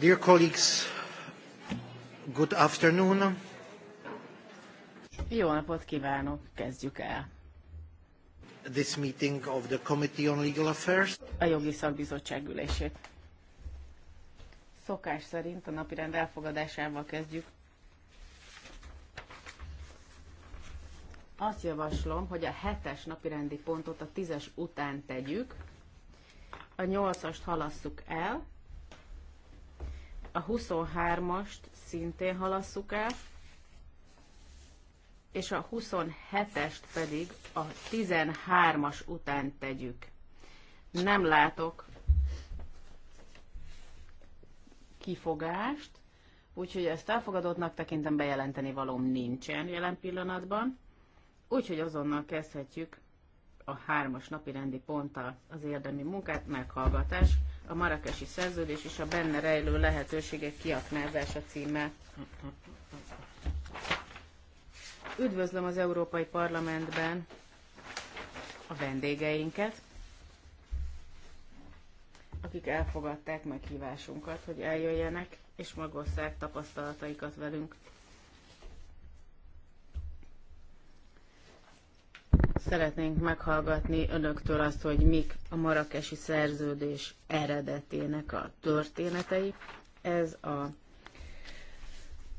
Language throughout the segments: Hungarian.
Dear colleagues, good afternoon. Jó napot kívánok, kezdjük el. This meeting of the Committee on Legal Affairs. A jogi szakbizottság ülését. Szokás szerint a napirend elfogadásával kezdjük. Azt javaslom, hogy a hetes napirendi pontot a tízes után tegyük, a nyolcast halasszuk el, a 23-ast szintén halasszuk el, és a 27-est pedig a 13-as után tegyük. Nem látok kifogást, úgyhogy ezt elfogadottnak tekintem bejelenteni valóm nincsen jelen pillanatban, úgyhogy azonnal kezdhetjük a 3-as napi rendi ponttal az érdemi munkát, meghallgatás a marakesi szerződés és a benne rejlő lehetőségek kiaknázása címe. Üdvözlöm az Európai Parlamentben a vendégeinket, akik elfogadták meghívásunkat, hogy eljöjjenek és magosszák tapasztalataikat velünk. szeretnénk meghallgatni önöktől azt, hogy mik a marakesi szerződés eredetének a történetei. Ez a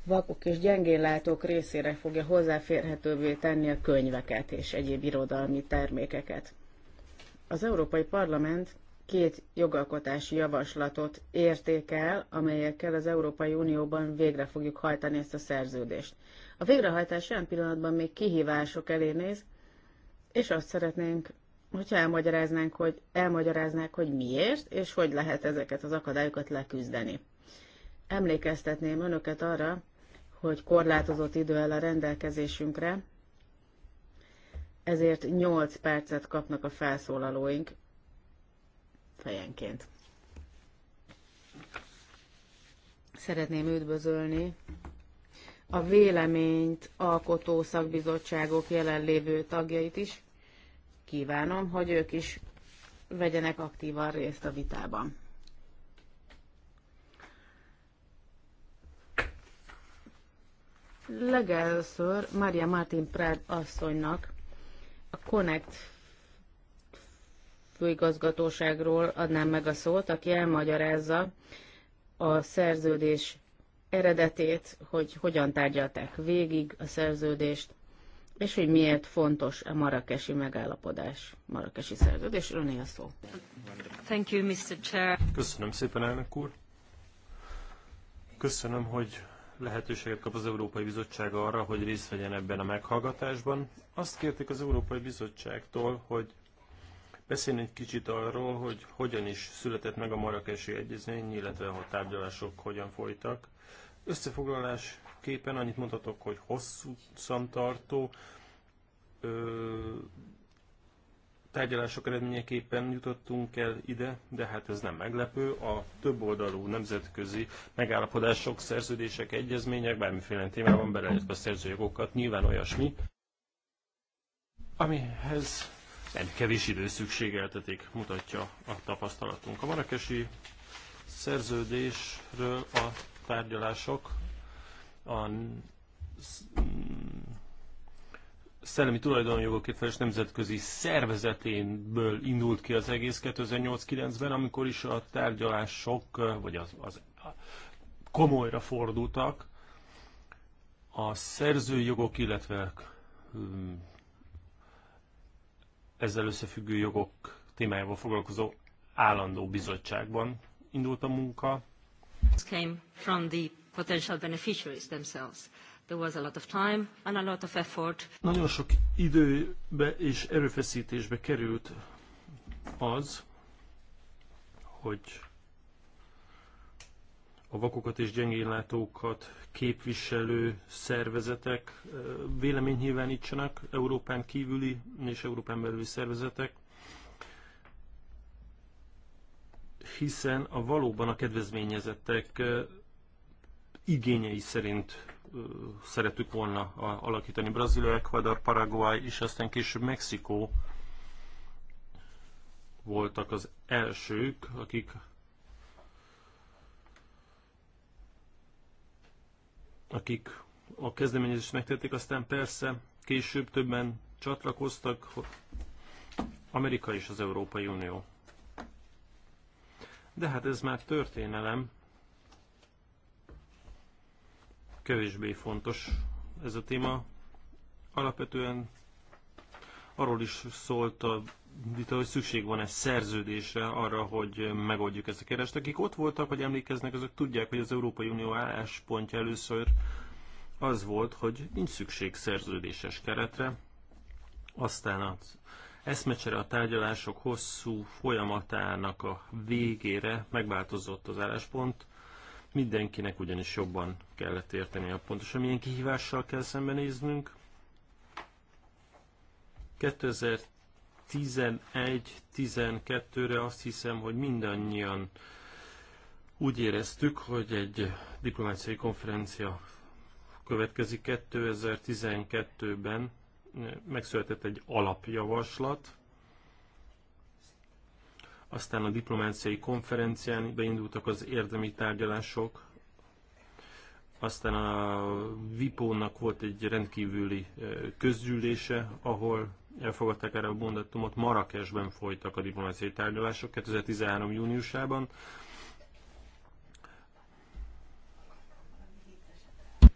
vakok és gyengénlátók részére fogja hozzáférhetővé tenni a könyveket és egyéb irodalmi termékeket. Az Európai Parlament két jogalkotási javaslatot értékel, amelyekkel az Európai Unióban végre fogjuk hajtani ezt a szerződést. A végrehajtás olyan pillanatban még kihívások elé néz, és azt szeretnénk, hogyha elmagyaráznánk, hogy elmagyaráznák, hogy miért, és hogy lehet ezeket az akadályokat leküzdeni. Emlékeztetném önöket arra, hogy korlátozott idő el a rendelkezésünkre, ezért 8 percet kapnak a felszólalóink fejenként. Szeretném üdvözölni a véleményt alkotó szakbizottságok jelenlévő tagjait is, kívánom, hogy ők is vegyenek aktívan részt a vitában. Legelőször Mária Martin Prád asszonynak a Connect főigazgatóságról adnám meg a szót, aki elmagyarázza a szerződés eredetét, hogy hogyan tárgyalták végig a szerződést, és hogy miért fontos a marakesi megállapodás, marakesi szerződés. Öné a szó. Thank you, Mr. Chair. Köszönöm szépen, elnök úr. Köszönöm, hogy lehetőséget kap az Európai Bizottság arra, hogy részt vegyen ebben a meghallgatásban. Azt kérték az Európai Bizottságtól, hogy beszélni egy kicsit arról, hogy hogyan is született meg a marakesi egyezmény, illetve a tárgyalások hogyan folytak. Összefoglalás képen, annyit mondhatok, hogy hosszú szantartó ö, tárgyalások eredményeképpen jutottunk el ide, de hát ez nem meglepő. A több oldalú nemzetközi megállapodások, szerződések, egyezmények, bármiféle témában belejött a szerzőjogokat, nyilván olyasmi, amihez nem kevés idő szükségeltetik, mutatja a tapasztalatunk. A marakesi szerződésről a tárgyalások a mm, szellemi tulajdonjogokért felelős nemzetközi szervezeténből indult ki az egész 2008-9-ben, amikor is a tárgyalások, vagy az, az komolyra fordultak, a szerzőjogok, illetve mm, ezzel összefüggő jogok témájával foglalkozó állandó bizottságban indult a munka. Came from the potential beneficiaries themselves. There was a lot of time and a lot of effort. Nagyon sok időbe és erőfeszítésbe került az, hogy a vakokat és gyengénlátókat képviselő szervezetek véleményt nyilvánítsanak, Európán kívüli és Európán belüli szervezetek, hiszen a valóban a kedvezményezettek igényei szerint szeretük volna alakítani. Brazília, Ecuador, Paraguay és aztán később Mexikó voltak az elsők, akik akik a kezdeményezést megtették, aztán persze később többen csatlakoztak Amerika és az Európai Unió. De hát ez már történelem, kevésbé fontos ez a téma. Alapvetően arról is szólt a vita, hogy szükség van egy szerződésre arra, hogy megoldjuk ezt a kereset. Akik ott voltak, vagy emlékeznek, azok tudják, hogy az Európai Unió álláspontja először az volt, hogy nincs szükség szerződéses keretre. Aztán az eszmecsere a tárgyalások hosszú folyamatának a végére megváltozott az álláspont. Mindenkinek ugyanis jobban kellett érteni a pontosan milyen kihívással kell szembenéznünk. 2011-12-re azt hiszem, hogy mindannyian úgy éreztük, hogy egy diplomáciai konferencia következik 2012-ben, megszületett egy alapjavaslat, aztán a diplomáciai konferencián beindultak az érdemi tárgyalások, aztán a Vipónak volt egy rendkívüli közgyűlése, ahol elfogadták erre a mondatumot, Marrakesben folytak a diplomáciai tárgyalások 2013. júniusában.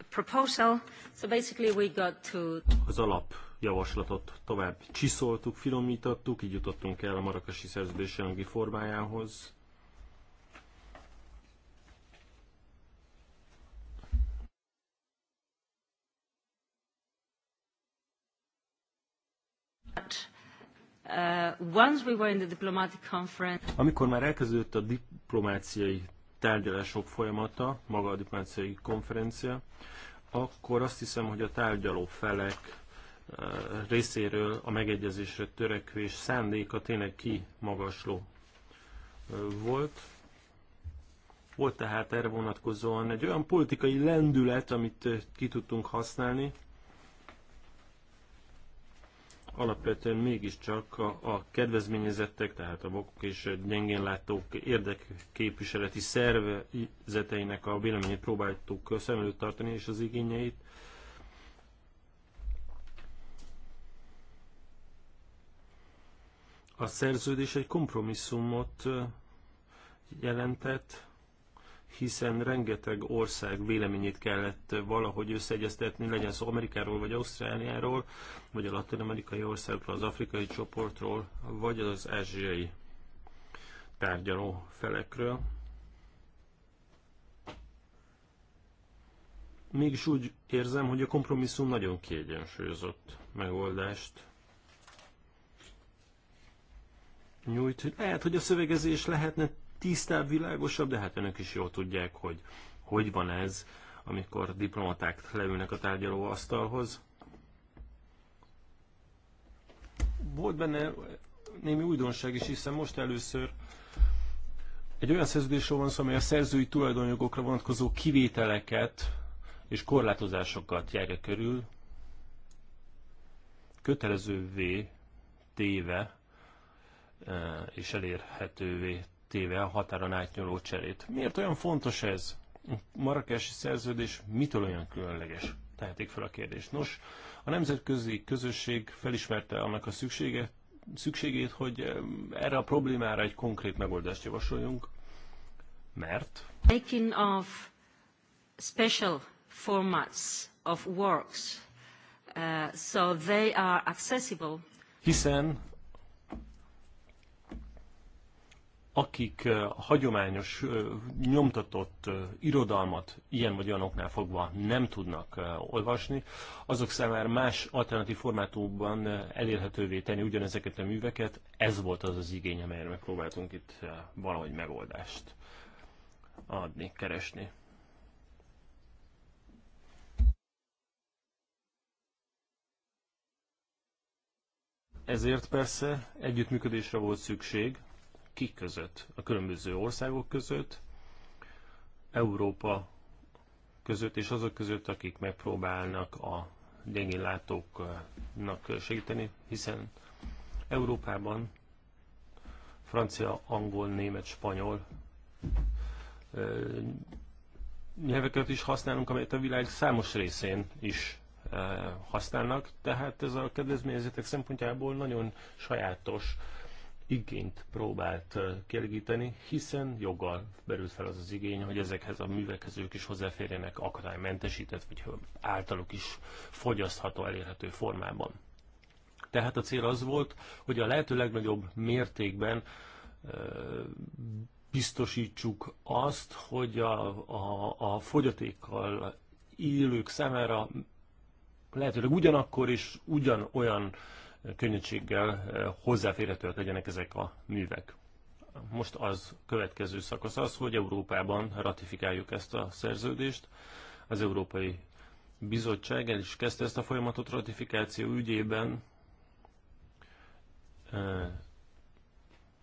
Proposal, so basically we got to... Az alap javaslatot tovább csiszoltuk, finomítottuk, így jutottunk el a marakasi szerződés jelenlegi formájához. Uh, Amikor már elkezdődött a diplomáciai tárgyalások folyamata, maga a diplomáciai konferencia, akkor azt hiszem, hogy a tárgyaló felek részéről a megegyezésre törekvés szándéka tényleg kimagasló volt. Volt tehát erre vonatkozóan egy olyan politikai lendület, amit ki tudtunk használni, alapvetően mégiscsak a, a kedvezményezettek, tehát a vakok és gyengén látók érdekképviseleti szervezeteinek a véleményét próbáltuk szem előtt tartani és az igényeit. A szerződés egy kompromisszumot jelentett, hiszen rengeteg ország véleményét kellett valahogy összeegyeztetni, legyen szó Amerikáról, vagy Ausztráliáról, vagy a latin-amerikai országról, az afrikai csoportról, vagy az ázsiai tárgyaló felekről. Mégis úgy érzem, hogy a kompromisszum nagyon kiegyensúlyozott megoldást nyújt. Lehet, hogy a szövegezés lehetne tisztább, világosabb, de hát önök is jól tudják, hogy hogy van ez, amikor diplomaták leülnek a tárgyalóasztalhoz. Volt benne némi újdonság is, hiszen most először egy olyan szerződésről van szó, amely a szerzői tulajdonjogokra vonatkozó kivételeket és korlátozásokat járja körül, kötelezővé téve és elérhetővé téve a határon átnyúló cserét. Miért olyan fontos ez? A marakesi szerződés mitől olyan különleges? Tehetik fel a kérdést. Nos, a nemzetközi közösség felismerte annak a szüksége, szükségét, hogy erre a problémára egy konkrét megoldást javasoljunk, mert making of special formats of works uh, so they are accessible hiszen akik a hagyományos nyomtatott irodalmat ilyen vagy olyan oknál fogva nem tudnak olvasni, azok számára más alternatív formátumban elérhetővé tenni ugyanezeket a műveket. Ez volt az az igény, amelyre megpróbáltunk itt valahogy megoldást adni, keresni. Ezért persze együttműködésre volt szükség, kik között, a különböző országok között, Európa között és azok között, akik megpróbálnak a gyengén látóknak segíteni, hiszen Európában francia, angol, német, spanyol nyelveket is használunk, amelyet a világ számos részén is használnak, tehát ez a kedvezményezetek szempontjából nagyon sajátos igényt próbált kielégíteni, hiszen joggal merült fel az az igény, hogy ezekhez a művekhez ők is hozzáférjenek akadálymentesített, vagy általuk is fogyasztható, elérhető formában. Tehát a cél az volt, hogy a lehető legnagyobb mértékben biztosítsuk azt, hogy a, a, a fogyatékkal élők számára lehetőleg ugyanakkor is ugyanolyan könnyedséggel eh, hozzáférhetőek legyenek ezek a művek. Most az következő szakasz az, hogy Európában ratifikáljuk ezt a szerződést. Az Európai Bizottság el is kezdte ezt a folyamatot ratifikáció ügyében. Eh,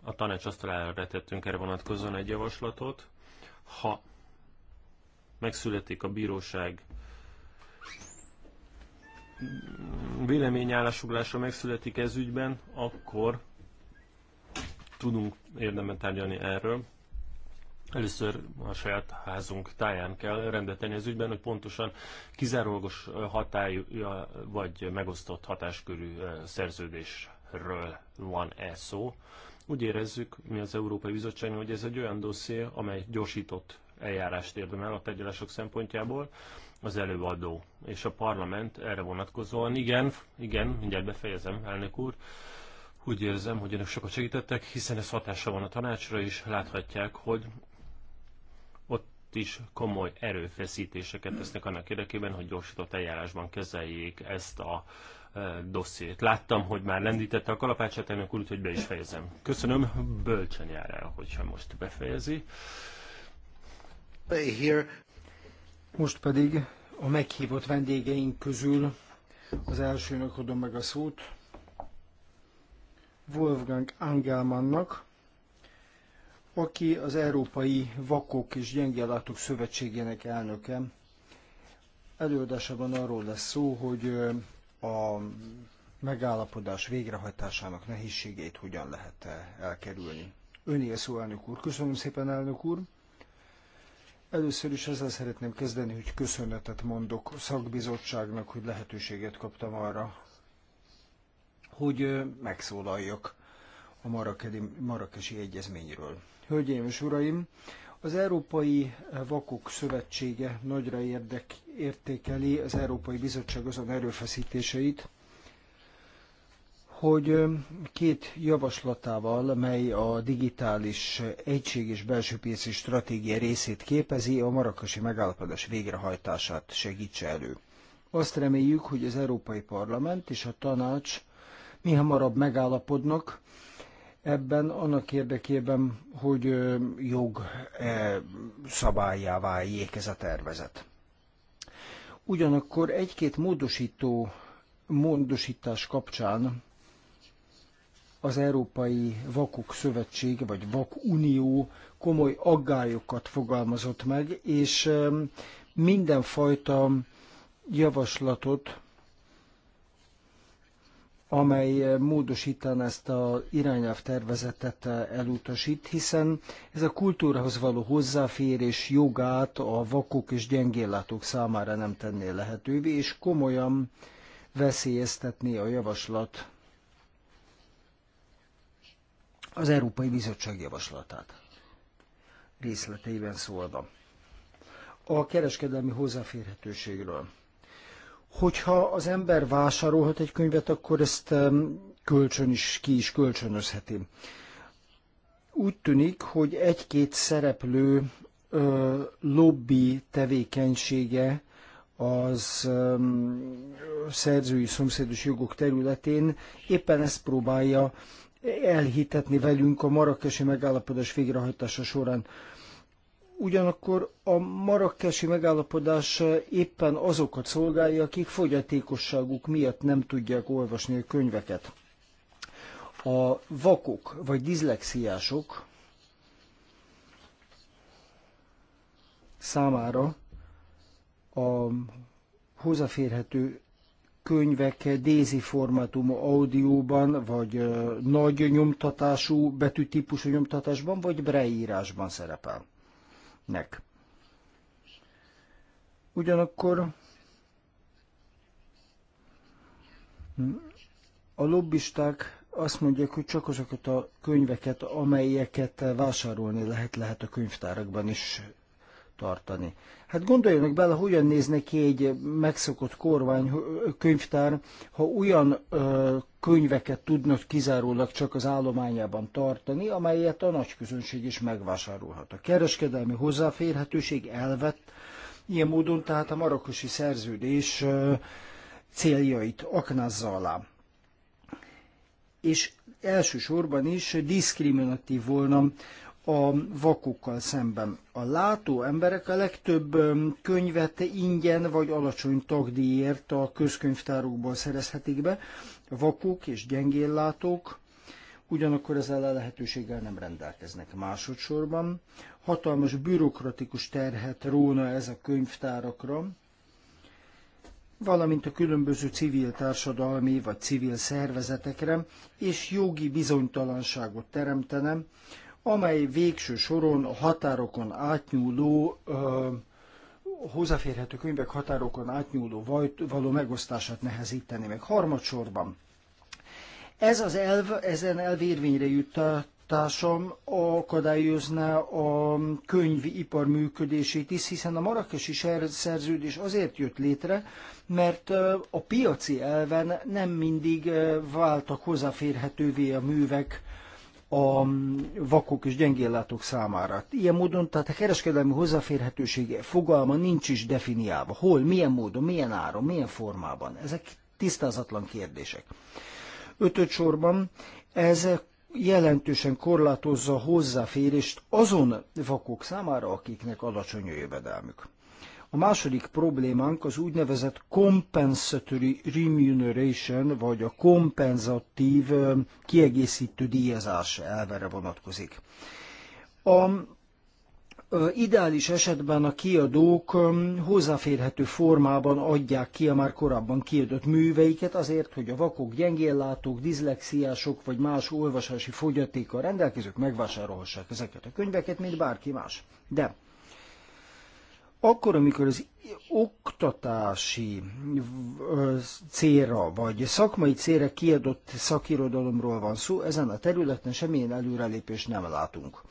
a tanács asztalára tettünk erre vonatkozóan egy javaslatot. Ha megszületik a bíróság véleményállásugrásra megszületik ez ügyben, akkor tudunk érdemben tárgyalni erről. Először a saját házunk táján kell rendet tenni az ügyben, hogy pontosan kizárólagos hatály vagy megosztott hatáskörű szerződésről van e szó. Úgy érezzük mi az Európai Bizottság, hogy ez egy olyan dosszié, amely gyorsított eljárást érdemel a tegyelások szempontjából, az előadó és a parlament erre vonatkozóan. Igen, igen, mindjárt befejezem, elnök úr. Úgy érzem, hogy önök sokat segítettek, hiszen ez hatása van a tanácsra, és láthatják, hogy ott is komoly erőfeszítéseket tesznek annak érdekében, hogy gyorsított eljárásban kezeljék ezt a e, dossziét. Láttam, hogy már lendítette a kalapácsát, elnök úr, úgyhogy be is fejezem. Köszönöm, bölcsen jár el, hogyha most befejezi. Here. Most pedig a meghívott vendégeink közül az elsőnek adom meg a szót, Wolfgang Angelmannnak, aki az Európai Vakok és Gyengéllátók Szövetségének elnöke. Előadásában arról lesz szó, hogy a megállapodás végrehajtásának nehézségeit hogyan lehet -e elkerülni. Önél szó, elnök úr. Köszönöm szépen, elnök úr. Először is ezzel szeretném kezdeni, hogy köszönetet mondok a szakbizottságnak, hogy lehetőséget kaptam arra, hogy megszólaljak a marakedi, marakesi egyezményről. Hölgyeim és uraim, az Európai Vakok Szövetsége nagyra érdek, értékeli az Európai Bizottság azon erőfeszítéseit, hogy két javaslatával, mely a digitális egység és belső piaci stratégia részét képezi, a marakasi megállapodás végrehajtását segítse elő. Azt reméljük, hogy az Európai Parlament és a tanács mi hamarabb megállapodnak ebben annak érdekében, hogy jog e, szabályá váljék ez a tervezet. Ugyanakkor egy-két módosító módosítás kapcsán az Európai Vakok Szövetség, vagy vak unió komoly aggályokat fogalmazott meg, és mindenfajta javaslatot, amely módosítaná ezt a irányelv tervezetet eh, elutasít, hiszen ez a kultúrahoz való hozzáférés jogát a vakok és gyengéllátók számára nem tenné lehetővé, és komolyan veszélyeztetné a javaslat az Európai Bizottság javaslatát. Részleteiben szólva. A kereskedelmi hozzáférhetőségről. Hogyha az ember vásárolhat egy könyvet, akkor ezt kölcsön is, ki is kölcsönözheti. Úgy tűnik, hogy egy-két szereplő ö, lobby tevékenysége az ö, szerzői szomszédos jogok területén éppen ezt próbálja elhitetni velünk a marakesi megállapodás végrehajtása során. Ugyanakkor a marakesi megállapodás éppen azokat szolgálja, akik fogyatékosságuk miatt nem tudják olvasni a könyveket. A vakok vagy dizlexiások számára a hozzáférhető könyvek dézi formátumú audióban, vagy nagy nyomtatású, betűtípusú nyomtatásban, vagy breírásban szerepelnek. Ugyanakkor a lobbisták azt mondják, hogy csak azokat a könyveket, amelyeket vásárolni lehet, lehet a könyvtárakban is tartani. Hát gondoljanak bele, hogyan nézne ki egy megszokott kormány könyvtár, ha olyan ö, könyveket tudnak kizárólag csak az állományában tartani, amelyet a nagy közönség is megvásárolhat. A kereskedelmi hozzáférhetőség elvett ilyen módon, tehát a marokosi szerződés ö, céljait aknázza alá. És elsősorban is diszkriminatív volna a vakokkal szemben. A látó emberek a legtöbb könyvet ingyen vagy alacsony tagdíjért a közkönyvtárokból szerezhetik be, a vakok és gyengéllátók ugyanakkor ezzel a lehetőséggel nem rendelkeznek. Másodszorban hatalmas bürokratikus terhet róna ez a könyvtárakra, valamint a különböző civil társadalmi vagy civil szervezetekre, és jogi bizonytalanságot teremtene, amely végső soron a határokon átnyúló ö, hozzáférhető könyvek határokon átnyúló vajt, való megosztását nehezíteni meg. Harmadsorban, ez az elv, ezen elv érvényre juttatásom akadályozná a könyvipar működését is, hiszen a marakesi szerződés azért jött létre, mert a piaci elven nem mindig váltak hozzáférhetővé a művek a vakok és gyengéllátók számára. Ilyen módon, tehát a kereskedelmi hozzáférhetőség fogalma nincs is definiálva. Hol, milyen módon, milyen áron, milyen formában. Ezek tisztázatlan kérdések. Ötöd sorban ez jelentősen korlátozza a hozzáférést azon vakok számára, akiknek alacsony jövedelmük. A második problémánk az úgynevezett compensatory remuneration, vagy a kompenzatív kiegészítő díjazás elvere vonatkozik. A Ideális esetben a kiadók hozzáférhető formában adják ki a már korábban kiadott műveiket azért, hogy a vakok, gyengéllátók, dizlexiások vagy más olvasási fogyatékkal rendelkezők megvásárolhassák ezeket a könyveket, mint bárki más. De akkor, amikor az oktatási célra, vagy szakmai célra kiadott szakirodalomról van szó, ezen a területen semmilyen előrelépést nem látunk.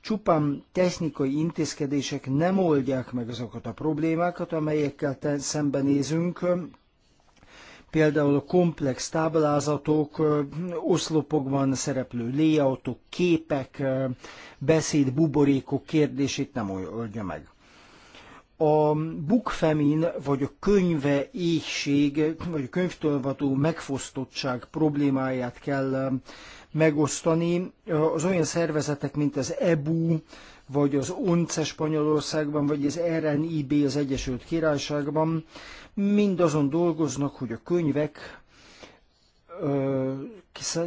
Csupán technikai intézkedések nem oldják meg azokat a problémákat, amelyekkel szembenézünk, például a komplex táblázatok, oszlopokban szereplő layoutok, képek, beszéd, buborékok kérdését nem oldja meg a bukfemin, vagy a könyve éhség, vagy a könyvtolvató megfosztottság problémáját kell um, megosztani. Az olyan szervezetek, mint az EBU, vagy az ONCE Spanyolországban, vagy az RNIB az Egyesült Királyságban, mind azon dolgoznak, hogy a könyvek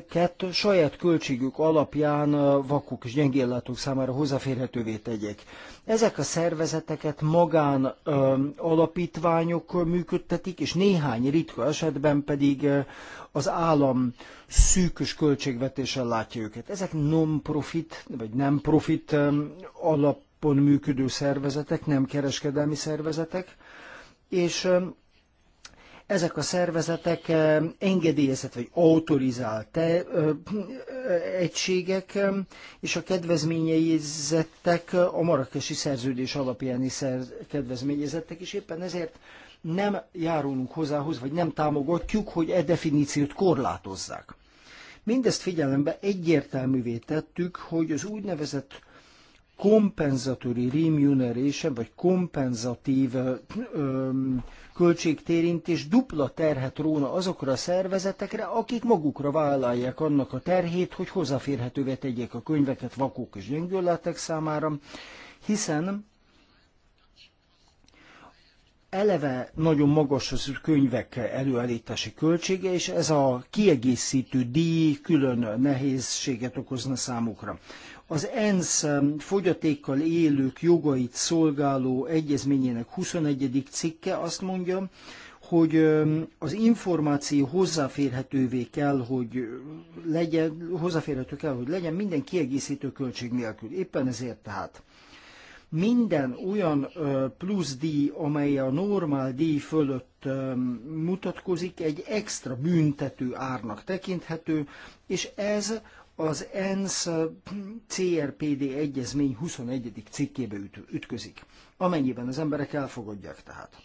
kett saját költségük alapján vakok és gyengéllátók számára hozzáférhetővé tegyék. Ezek a szervezeteket magán ö, alapítványok működtetik, és néhány ritka esetben pedig az állam szűkös költségvetéssel látja őket. Ezek non-profit, vagy nem profit ö, alapon működő szervezetek, nem kereskedelmi szervezetek, és ö, ezek a szervezetek engedélyezett vagy autorizált egységek és a kedvezményezettek a marakesi szerződés alapján is kedvezményezettek, és éppen ezért nem járulunk hozzához, vagy nem támogatjuk, hogy e definíciót korlátozzák. Mindezt figyelembe egyértelművé tettük, hogy az úgynevezett compensatory remuneration, vagy kompenzatív öm, költségtérintés dupla terhet róna azokra a szervezetekre, akik magukra vállalják annak a terhét, hogy hozzáférhetővé tegyék a könyveket vakók és gyengüllátek számára, hiszen eleve nagyon magas az könyvek előállítási költsége, és ez a kiegészítő díj külön nehézséget okozna számukra az ENSZ fogyatékkal élők jogait szolgáló egyezményének 21. cikke azt mondja, hogy az információ hozzáférhetővé kell, hogy legyen, hozzáférhető kell, hogy legyen minden kiegészítő költség nélkül. Éppen ezért tehát minden olyan plusz díj, amely a normál díj fölött mutatkozik, egy extra büntető árnak tekinthető, és ez az ENSZ CRPD egyezmény 21. cikkébe üt, ütközik, amennyiben az emberek elfogadják tehát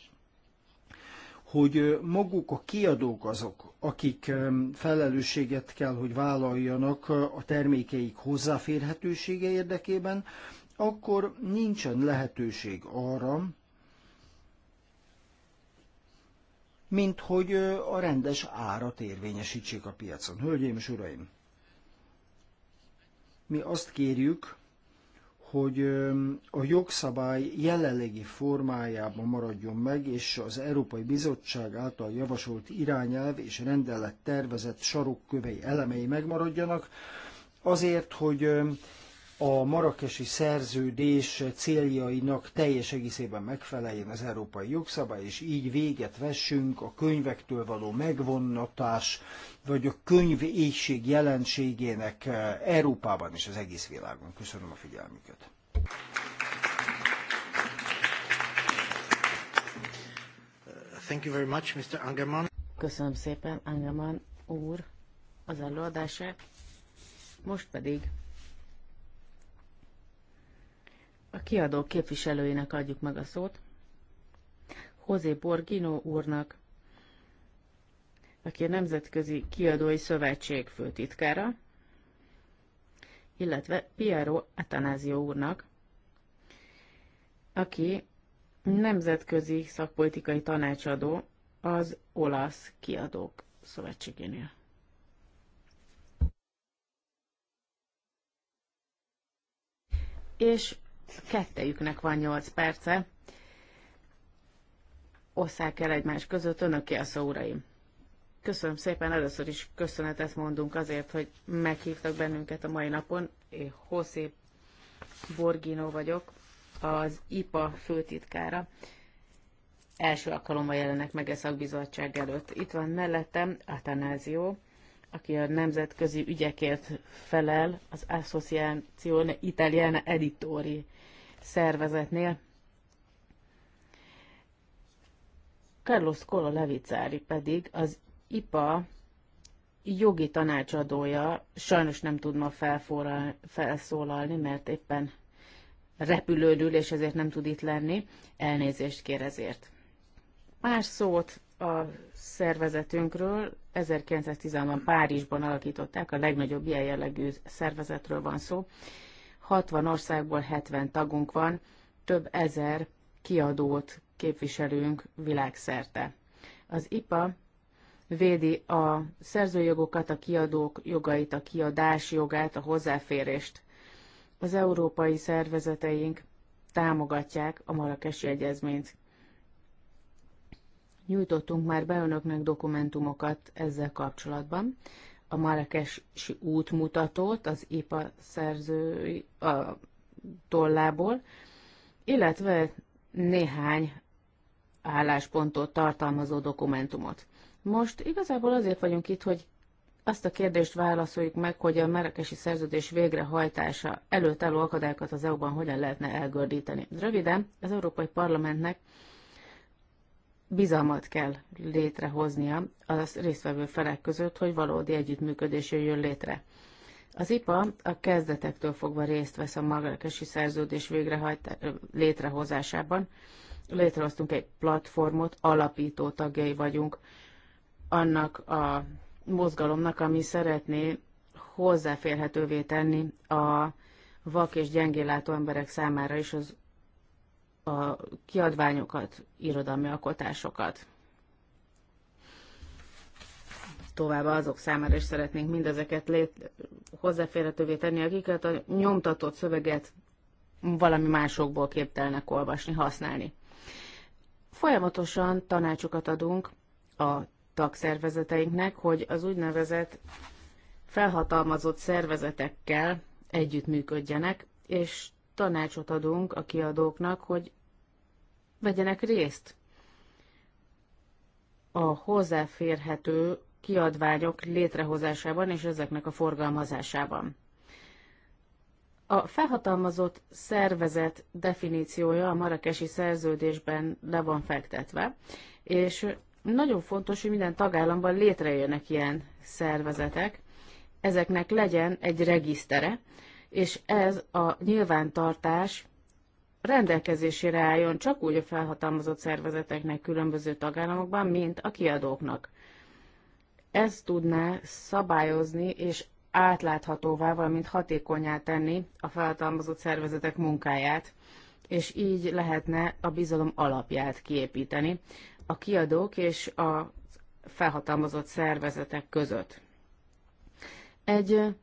hogy maguk a kiadók azok, akik felelősséget kell, hogy vállaljanak a termékeik hozzáférhetősége érdekében, akkor nincsen lehetőség arra, mint hogy a rendes árat érvényesítsék a piacon. Hölgyeim és uraim, mi azt kérjük, hogy a jogszabály jelenlegi formájában maradjon meg, és az Európai Bizottság által javasolt irányelv és rendelet tervezett sarokkövei elemei megmaradjanak, azért, hogy a marakesi szerződés céljainak teljes egészében megfeleljen az európai jogszabály, és így véget vessünk a könyvektől való megvonnatás, vagy a könyv éjség jelenségének eh, Európában és az egész világon. Köszönöm a figyelmüket. Thank you very much, Mr. Angerman. Köszönöm szépen, Angerman úr, az előadását. Most pedig A kiadó képviselőinek adjuk meg a szót. José Borgino úrnak, aki a Nemzetközi Kiadói Szövetség főtitkára, illetve Piero Atanázió úrnak, aki nemzetközi szakpolitikai tanácsadó az Olasz Kiadók Szövetségénél. És kettejüknek van 8 perce. Osszák el egymás között, önöké a szó, uraim. Köszönöm szépen, először is köszönetet mondunk azért, hogy meghívtak bennünket a mai napon. Én José Borgino vagyok, az IPA főtitkára. Első alkalommal jelenek meg a e szakbizottság előtt. Itt van mellettem Atanázió, aki a nemzetközi ügyekért felel az Associazione Italiana Editori szervezetnél. Carlos Cola Levicári pedig az IPA jogi tanácsadója, sajnos nem tud ma felszólalni, mert éppen repülődül, és ezért nem tud itt lenni. Elnézést kér ezért. Más szót a szervezetünkről 1910 ban Párizsban alakították, a legnagyobb ilyen jellegű szervezetről van szó. 60 országból 70 tagunk van, több ezer kiadót képviselünk világszerte. Az IPA védi a szerzőjogokat, a kiadók jogait, a kiadás jogát, a hozzáférést. Az európai szervezeteink támogatják a Marrakesi Egyezményt Nyújtottunk már be önöknek dokumentumokat ezzel kapcsolatban. A Marrakesi útmutatót az IPA szerzői a tollából, illetve néhány álláspontot tartalmazó dokumentumot. Most igazából azért vagyunk itt, hogy azt a kérdést válaszoljuk meg, hogy a merekesi szerződés végrehajtása előtt álló akadályokat az EU-ban hogyan lehetne elgördíteni. Röviden, az Európai Parlamentnek bizalmat kell létrehoznia az résztvevő felek között, hogy valódi együttműködés jöjjön létre. Az IPA a kezdetektől fogva részt vesz a magrekesi szerződés végrehajt létrehozásában. Létrehoztunk egy platformot, alapító tagjai vagyunk annak a mozgalomnak, ami szeretné hozzáférhetővé tenni a vak és gyengéllátó emberek számára is az a kiadványokat, irodalmi alkotásokat. Továbbá azok számára is szeretnénk mindezeket lét, hozzáférhetővé tenni, akiket a nyomtatott szöveget valami másokból képtelnek olvasni, használni. Folyamatosan tanácsokat adunk a tagszervezeteinknek, hogy az úgynevezett felhatalmazott szervezetekkel együttműködjenek, és tanácsot adunk a kiadóknak, hogy vegyenek részt a hozzáférhető kiadványok létrehozásában és ezeknek a forgalmazásában. A felhatalmazott szervezet definíciója a marakesi szerződésben le van fektetve, és nagyon fontos, hogy minden tagállamban létrejönnek ilyen szervezetek, ezeknek legyen egy regisztere, és ez a nyilvántartás rendelkezésére álljon csak úgy a felhatalmazott szervezeteknek különböző tagállamokban, mint a kiadóknak. Ez tudná szabályozni és átláthatóvá, valamint hatékonyá tenni a felhatalmazott szervezetek munkáját, és így lehetne a bizalom alapját kiépíteni a kiadók és a felhatalmazott szervezetek között. Egy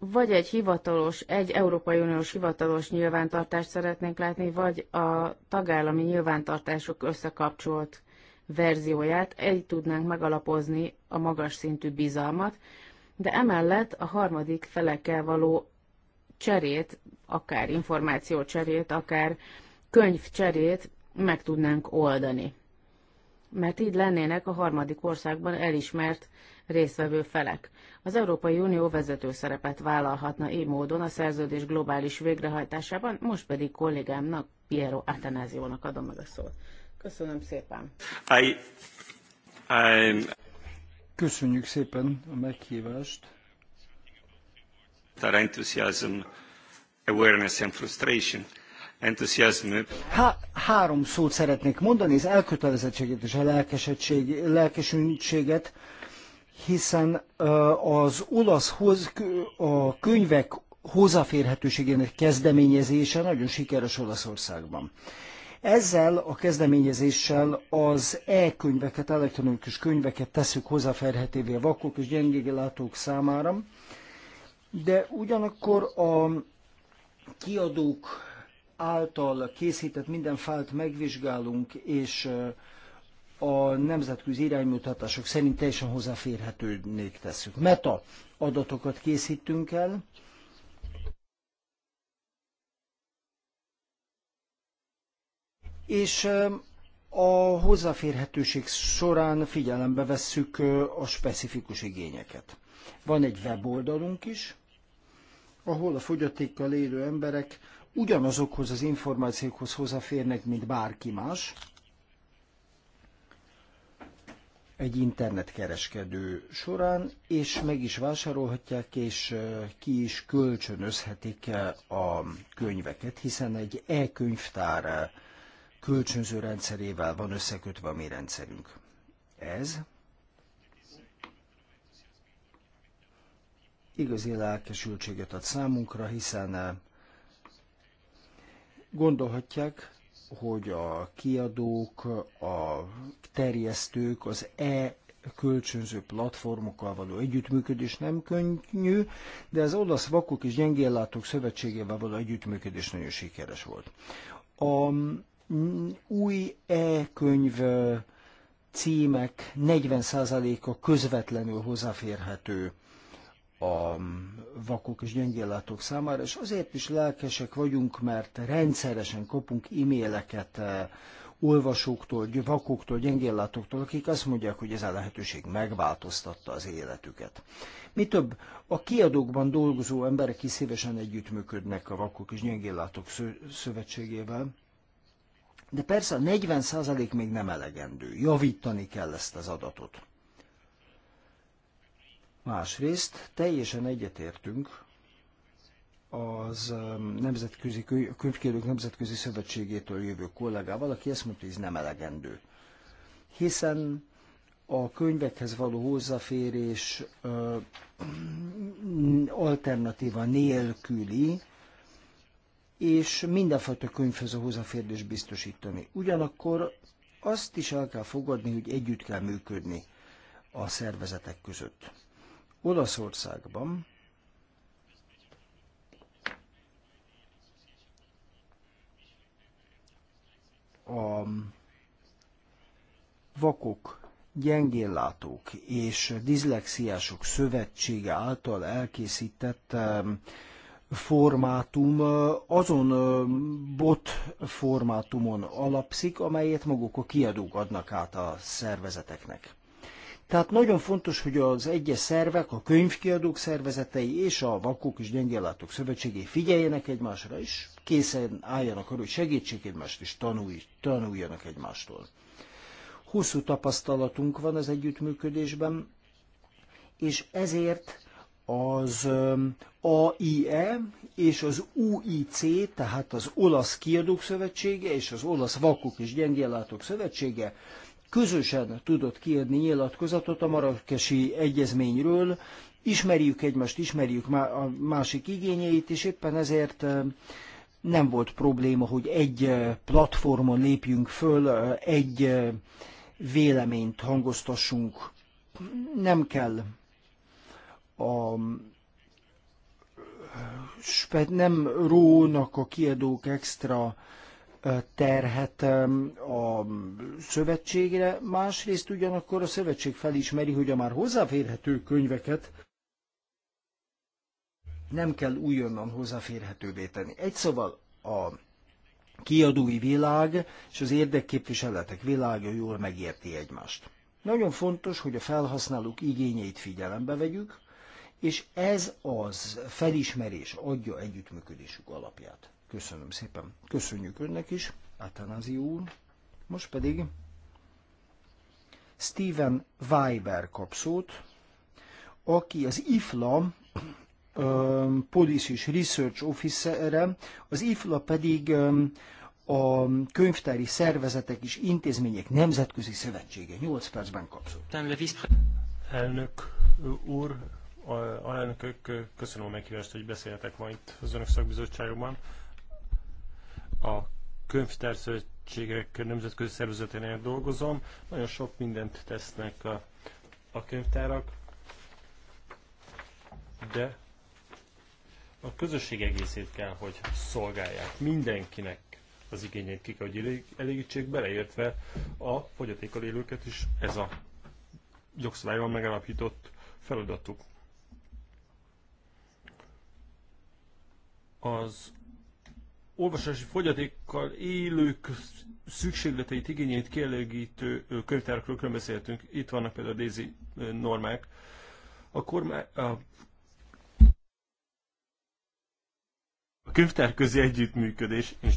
vagy egy hivatalos, egy Európai Uniós hivatalos nyilvántartást szeretnénk látni, vagy a tagállami nyilvántartások összekapcsolt verzióját, egy tudnánk megalapozni a magas szintű bizalmat, de emellett a harmadik felekkel való cserét, akár információcserét, akár könyvcserét meg tudnánk oldani. Mert így lennének a harmadik országban elismert résztvevő felek. Az Európai Unió vezető szerepet vállalhatna így módon a szerződés globális végrehajtásában, most pedig kollégámnak, Piero Atenáziónak adom meg a szót. Köszönöm szépen. I, I'm... Köszönjük szépen a meghívást. Our enthusiasm, awareness and frustration. Enthusiasm. Há három szót szeretnék mondani, az elkötelezettséget és a lelkesedtség, lelkesültséget hiszen az olasz a könyvek hozzáférhetőségének kezdeményezése nagyon sikeres Olaszországban. Ezzel a kezdeményezéssel az e-könyveket, elektronikus könyveket tesszük hozzáférhetővé a vakok és gyengége látók számára, de ugyanakkor a kiadók által készített minden fájlt megvizsgálunk, és a nemzetközi iránymutatások szerint teljesen hozzáférhetőnek tesszük. Meta adatokat készítünk el, és eh, a hozzáférhetőség során figyelembe vesszük eh, a specifikus igényeket. Van egy weboldalunk is, ahol a fogyatékkal élő emberek ugyanazokhoz az információkhoz hozzáférnek, mint bárki más, egy internetkereskedő során, és meg is vásárolhatják, és ki is kölcsönözhetik a könyveket, hiszen egy e-könyvtár kölcsönző rendszerével van összekötve a mi rendszerünk. Ez igazi lelkesültséget ad számunkra, hiszen gondolhatják, hogy a kiadók, a terjesztők, az e kölcsönző platformokkal való együttműködés nem könnyű, de az olasz vakok és gyengéllátók szövetségével való együttműködés nagyon sikeres volt. A új e-könyv címek 40%-a közvetlenül hozzáférhető a vakok és gyengéllátók számára, és azért is lelkesek vagyunk, mert rendszeresen kapunk e-maileket eh, olvasóktól, vakoktól, gyengéllátóktól, akik azt mondják, hogy ez a lehetőség megváltoztatta az életüket. Mi több, a kiadókban dolgozó emberek is szívesen együttműködnek a Vakok és Gyengéllátók Szövetségével, de persze a 40% még nem elegendő, javítani kell ezt az adatot. Másrészt teljesen egyetértünk az um, nemzetközi, könyvkérők nemzetközi szövetségétől jövő kollégával, aki ezt mondta, hogy ez nem elegendő. Hiszen a könyvekhez való hozzáférés ö, alternatíva nélküli, és mindenfajta könyvhöz a hozzáférés biztosítani. Ugyanakkor azt is el kell fogadni, hogy együtt kell működni a szervezetek között. Olaszországban a vakok, gyengéllátók és dizlexiások szövetsége által elkészített formátum azon bot formátumon alapszik, amelyet maguk a kiadók adnak át a szervezeteknek. Tehát nagyon fontos, hogy az egyes szervek, a könyvkiadók szervezetei és a Vakok és Gyengéllátók Szövetségé figyeljenek egymásra, és készen álljanak arra, hogy segítsék egymást, és tanulj, tanuljanak egymástól. Hosszú tapasztalatunk van az együttműködésben, és ezért az AIE és az UIC, tehát az Olasz Kiadók Szövetsége és az Olasz Vakok és Gyengéllátók Szövetsége közösen tudott kiadni nyilatkozatot a marakesi egyezményről, ismerjük egymást, ismerjük a másik igényeit, és éppen ezért nem volt probléma, hogy egy platformon lépjünk föl, egy véleményt hangoztassunk. Nem kell a nem rónak a kiadók extra terhet a szövetségre, másrészt ugyanakkor a szövetség felismeri, hogy a már hozzáférhető könyveket nem kell újonnan hozzáférhetővé tenni. Egy szóval a kiadói világ és az érdekképviseletek világa jól megérti egymást. Nagyon fontos, hogy a felhasználók igényeit figyelembe vegyük, és ez az felismerés adja együttműködésük alapját. Köszönöm szépen. Köszönjük önnek is, Atanázi úr. Most pedig Steven Weiber kap szót, aki az IFLA um, Policy Research Officer-e, az IFLA pedig um, a könyvtári szervezetek és intézmények nemzetközi szövetsége. 8 percben kapszol. Elnök úr, alelnökök, köszönöm a meghívást, hogy beszéltek ma itt az Önök szakbizottságban a könyvtárszövetségek nemzetközi szervezeténél dolgozom. Nagyon sok mindent tesznek a, a könyvtárak, de a közösség egészét kell, hogy szolgálják. Mindenkinek az igényét ki kell, hogy elégítsék, beleértve a fogyatékkal élőket is ez a jogszabályban megalapított feladatuk. Az olvasási fogyatékkal élők szükségleteit, igényeit kielégítő könyvtárakról beszéltünk. Itt vannak például a Daisy normák. A, kormány, a, könyvtár közi együttműködés és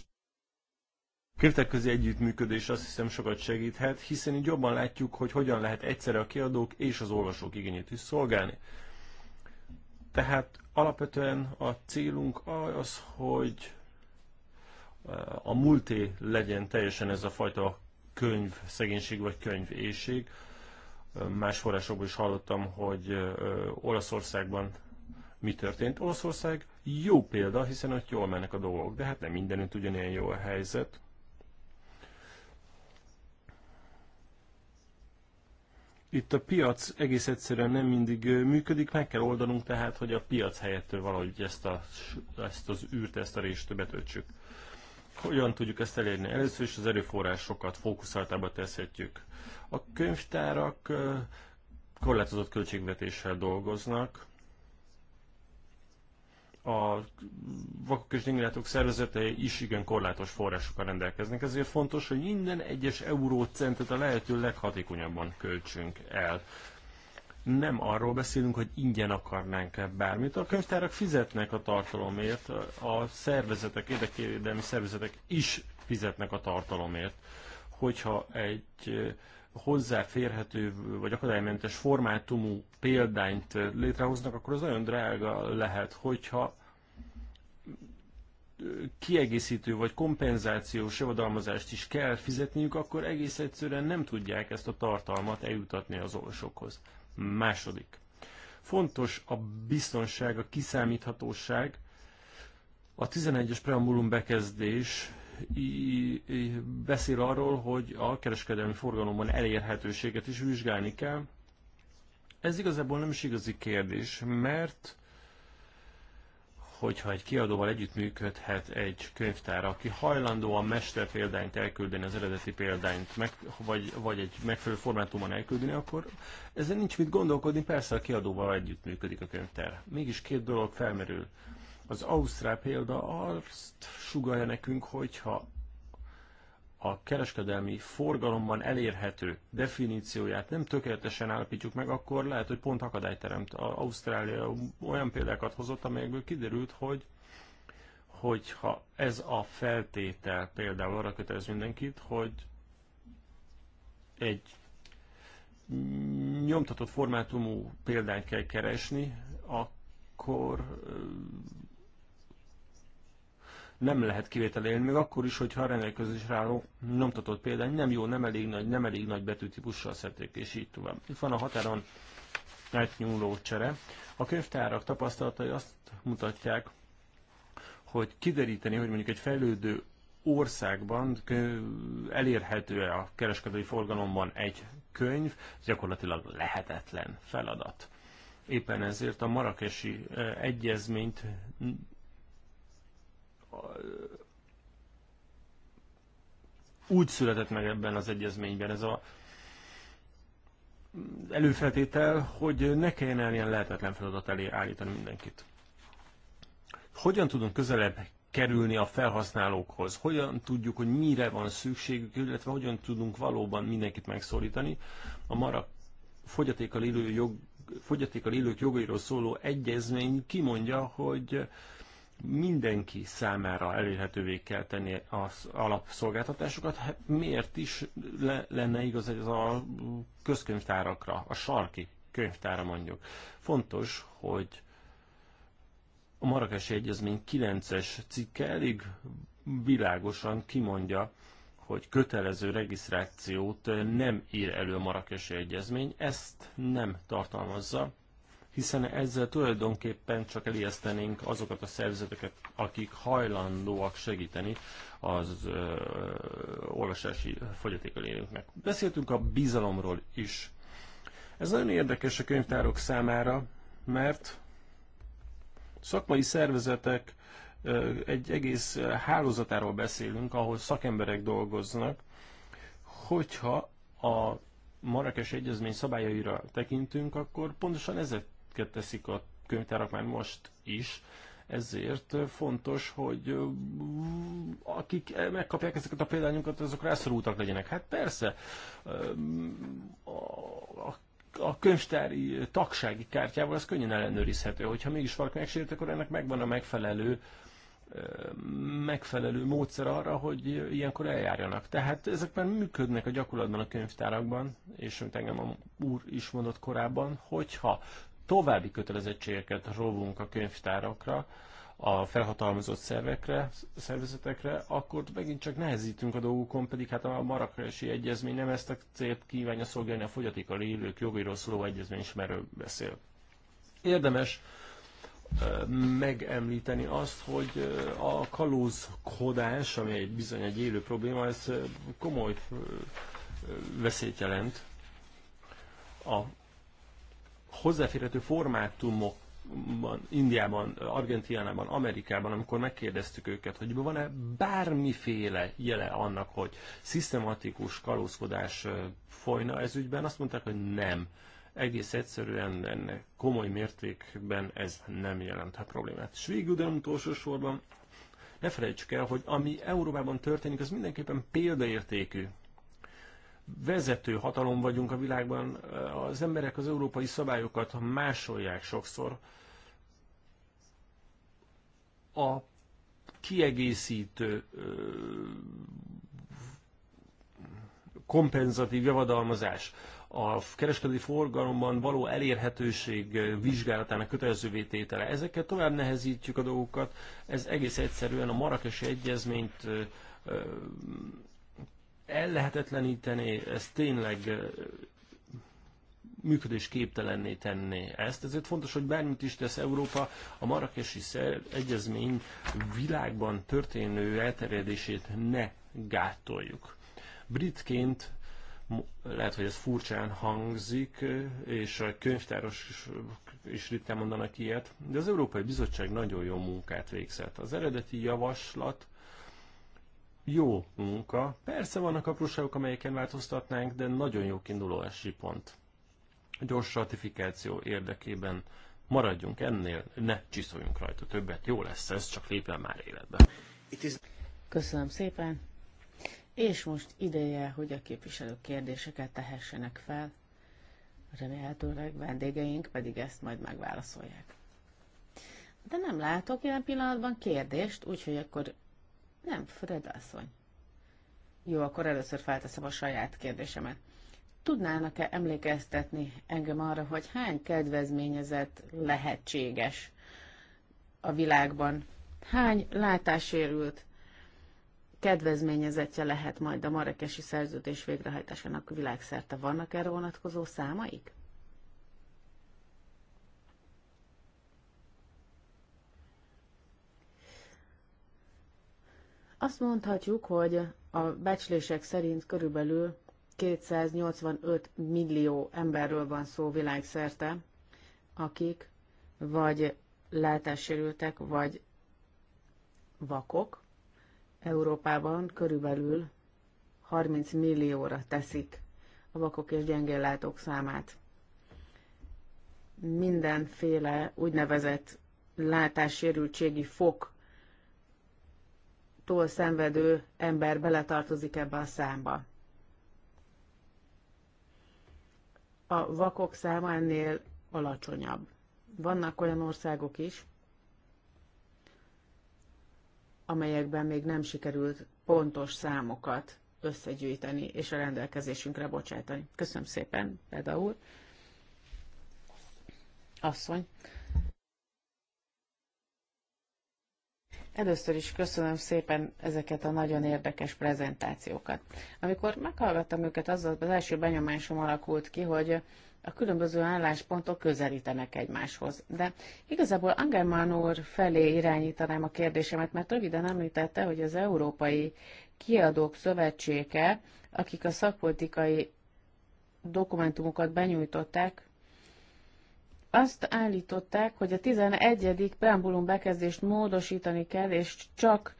könyvtárközi együttműködés azt hiszem sokat segíthet, hiszen így jobban látjuk, hogy hogyan lehet egyszerre a kiadók és az olvasók igényét is szolgálni. Tehát alapvetően a célunk az, hogy a múlté legyen teljesen ez a fajta könyv szegénység vagy könyv éjség. Más forrásokból is hallottam, hogy Olaszországban mi történt. Olaszország jó példa, hiszen ott jól mennek a dolgok, de hát nem mindenütt ugyanilyen jó a helyzet. Itt a piac egész egyszerűen nem mindig működik, meg kell oldanunk tehát, hogy a piac helyettől valahogy ezt, a, ezt az űrt, ezt a részt betöltsük. Hogyan tudjuk ezt elérni? Először is az erőforrásokat fókuszáltába teszhetjük. A könyvtárak korlátozott költségvetéssel dolgoznak, a vakok és gyengélátok szervezetei is igen korlátos forrásokkal rendelkeznek, ezért fontos, hogy minden egyes eurócentet a lehető leghatékonyabban költsünk el nem arról beszélünk, hogy ingyen akarnánk -e bármit. A könyvtárak fizetnek a tartalomért, a szervezetek, érdekérdelmi szervezetek is fizetnek a tartalomért. Hogyha egy hozzáférhető vagy akadálymentes formátumú példányt létrehoznak, akkor az olyan drága lehet, hogyha kiegészítő vagy kompenzációs javadalmazást is kell fizetniük, akkor egész egyszerűen nem tudják ezt a tartalmat eljutatni az olvasókhoz. Második. Fontos a biztonság, a kiszámíthatóság. A 11-es preambulum bekezdés beszél arról, hogy a kereskedelmi forgalomban elérhetőséget is vizsgálni kell. Ez igazából nem is igazi kérdés, mert hogyha egy kiadóval együttműködhet egy könyvtár, aki hajlandó a mester példányt elküldeni, az eredeti példányt, meg, vagy, vagy egy megfelelő formátumon elküldeni, akkor ezen nincs mit gondolkodni, persze a kiadóval együttműködik a könyvtár. Mégis két dolog felmerül. Az Ausztrál példa azt sugalja nekünk, hogyha a kereskedelmi forgalomban elérhető definícióját nem tökéletesen állapítjuk meg, akkor lehet, hogy pont akadályt teremt. A Ausztrália olyan példákat hozott, amelyekből kiderült, hogy hogyha ez a feltétel például arra kötelez mindenkit, hogy egy nyomtatott formátumú példán kell keresni, akkor nem lehet kivétel élni, még akkor is, hogyha a rendelkezésre álló nyomtatott példány nem jó, nem elég nagy, nem elég nagy betűtípussal szedték, és így tovább. Itt van a határon egy nyúló csere. A könyvtárak tapasztalatai azt mutatják, hogy kideríteni, hogy mondjuk egy fejlődő országban elérhető-e a kereskedelmi forgalomban egy könyv, gyakorlatilag lehetetlen feladat. Éppen ezért a marakesi egyezményt úgy született meg ebben az egyezményben ez a előfeltétel, hogy ne kelljen el ilyen lehetetlen feladat elé állítani mindenkit. Hogyan tudunk közelebb kerülni a felhasználókhoz? Hogyan tudjuk, hogy mire van szükségük, illetve hogyan tudunk valóban mindenkit megszólítani? A mara fogyatékkal élő jog, fogyatékkal élők jogairól szóló egyezmény kimondja, hogy mindenki számára elérhetővé kell tenni az alapszolgáltatásokat, hát miért is le, lenne igaz ez a közkönyvtárakra, a sarki könyvtára mondjuk. Fontos, hogy a Marrakesi Egyezmény 9-es cikke elég világosan kimondja, hogy kötelező regisztrációt nem ír elő a Marrakesi Egyezmény, ezt nem tartalmazza hiszen ezzel tulajdonképpen csak elijesztenénk azokat a szervezeteket, akik hajlandóak segíteni az ö, olvasási fogyatékkal élőknek. Beszéltünk a bizalomról is. Ez nagyon érdekes a könyvtárok számára, mert szakmai szervezetek egy egész hálózatáról beszélünk, ahol szakemberek dolgoznak, hogyha a Marrakes Egyezmény szabályaira tekintünk, akkor pontosan ezek teszik a könyvtárak már most is, ezért fontos, hogy akik megkapják ezeket a példányokat, azok rászorultak legyenek. Hát persze, a a könyvtári tagsági kártyával ez könnyen ellenőrizhető. Hogyha mégis valaki megsérült, akkor ennek megvan a megfelelő megfelelő módszer arra, hogy ilyenkor eljárjanak. Tehát ezek már működnek a gyakorlatban a könyvtárakban, és amit engem a úr is mondott korábban, hogyha további kötelezettségeket róvunk a könyvtárakra, a felhatalmazott szervekre, szervezetekre, akkor megint csak nehezítünk a dolgokon, pedig hát a marakesi egyezmény nem ezt a célt kívánja szolgálni, a fogyatékkal élők jogairól szóló egyezmény is merről beszél. Érdemes megemlíteni azt, hogy a kalózkodás, ami egy bizony egy élő probléma, ez komoly veszélyt jelent a hozzáférhető formátumok Indiában, Argentinában, Amerikában, amikor megkérdeztük őket, hogy van-e bármiféle jele annak, hogy szisztematikus kalózkodás folyna ez ügyben, azt mondták, hogy nem. Egész egyszerűen ennek komoly mértékben ez nem jelenthet problémát. És végül, de utolsó sorban, ne felejtsük el, hogy ami Európában történik, az mindenképpen példaértékű vezető hatalom vagyunk a világban, az emberek az európai szabályokat másolják sokszor. A kiegészítő kompenzatív javadalmazás, a kereskedői forgalomban való elérhetőség vizsgálatának kötelezővé tétele. Ezekkel tovább nehezítjük a dolgokat, ez egész egyszerűen a marakesi egyezményt ellehetetleníteni, ez tényleg működésképtelenné tenni ezt. Ezért fontos, hogy bármit is tesz Európa, a marakesi egyezmény világban történő elterjedését ne gátoljuk. Britként lehet, hogy ez furcsán hangzik, és a könyvtáros is, is ritkán mondanak ilyet, de az Európai Bizottság nagyon jó munkát végzett. Az eredeti javaslat jó munka. Persze vannak apróságok, amelyeken változtatnánk, de nagyon jó kiinduló pont. A gyors ratifikáció érdekében maradjunk ennél, ne csiszoljunk rajta többet. Jó lesz ez, csak lépjen már életbe. Köszönöm szépen. És most ideje, hogy a képviselők kérdéseket tehessenek fel. Remélhetőleg vendégeink pedig ezt majd megválaszolják. De nem látok jelen pillanatban kérdést, úgyhogy akkor nem, Fred asszony. Jó, akkor először felteszem a saját kérdésemet. Tudnának-e emlékeztetni engem arra, hogy hány kedvezményezett lehetséges a világban? Hány látásérült kedvezményezetje lehet majd a marekesi szerződés végrehajtásának világszerte? Vannak erre vonatkozó számaik? Azt mondhatjuk, hogy a becslések szerint körülbelül 285 millió emberről van szó világszerte, akik vagy látássérültek, vagy vakok. Európában körülbelül 30 millióra teszik a vakok és gyengéllátók számát. Mindenféle úgynevezett látássérültségi fok Tól szenvedő ember beletartozik ebbe a számba. A vakok száma ennél alacsonyabb. Vannak olyan országok is, amelyekben még nem sikerült pontos számokat összegyűjteni és a rendelkezésünkre bocsátani. Köszönöm szépen, Peda úr. Asszony. Először is köszönöm szépen ezeket a nagyon érdekes prezentációkat. Amikor meghallgattam őket, az az első benyomásom alakult ki, hogy a különböző álláspontok közelítenek egymáshoz. De igazából Angelman úr felé irányítanám a kérdésemet, mert röviden említette, hogy az Európai Kiadók Szövetsége, akik a szakpolitikai dokumentumokat benyújtották, azt állították, hogy a 11. preambulum bekezdést módosítani kell, és csak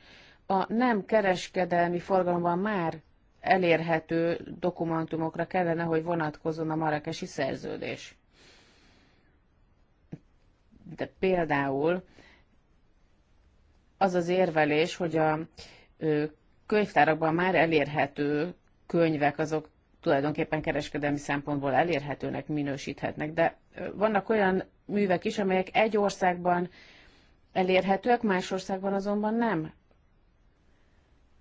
a nem kereskedelmi forgalomban már elérhető dokumentumokra kellene, hogy vonatkozzon a marakesi szerződés. De például az az érvelés, hogy a könyvtárakban már elérhető könyvek azok tulajdonképpen kereskedelmi szempontból elérhetőnek minősíthetnek, de vannak olyan művek is, amelyek egy országban elérhetőek, más országban azonban nem.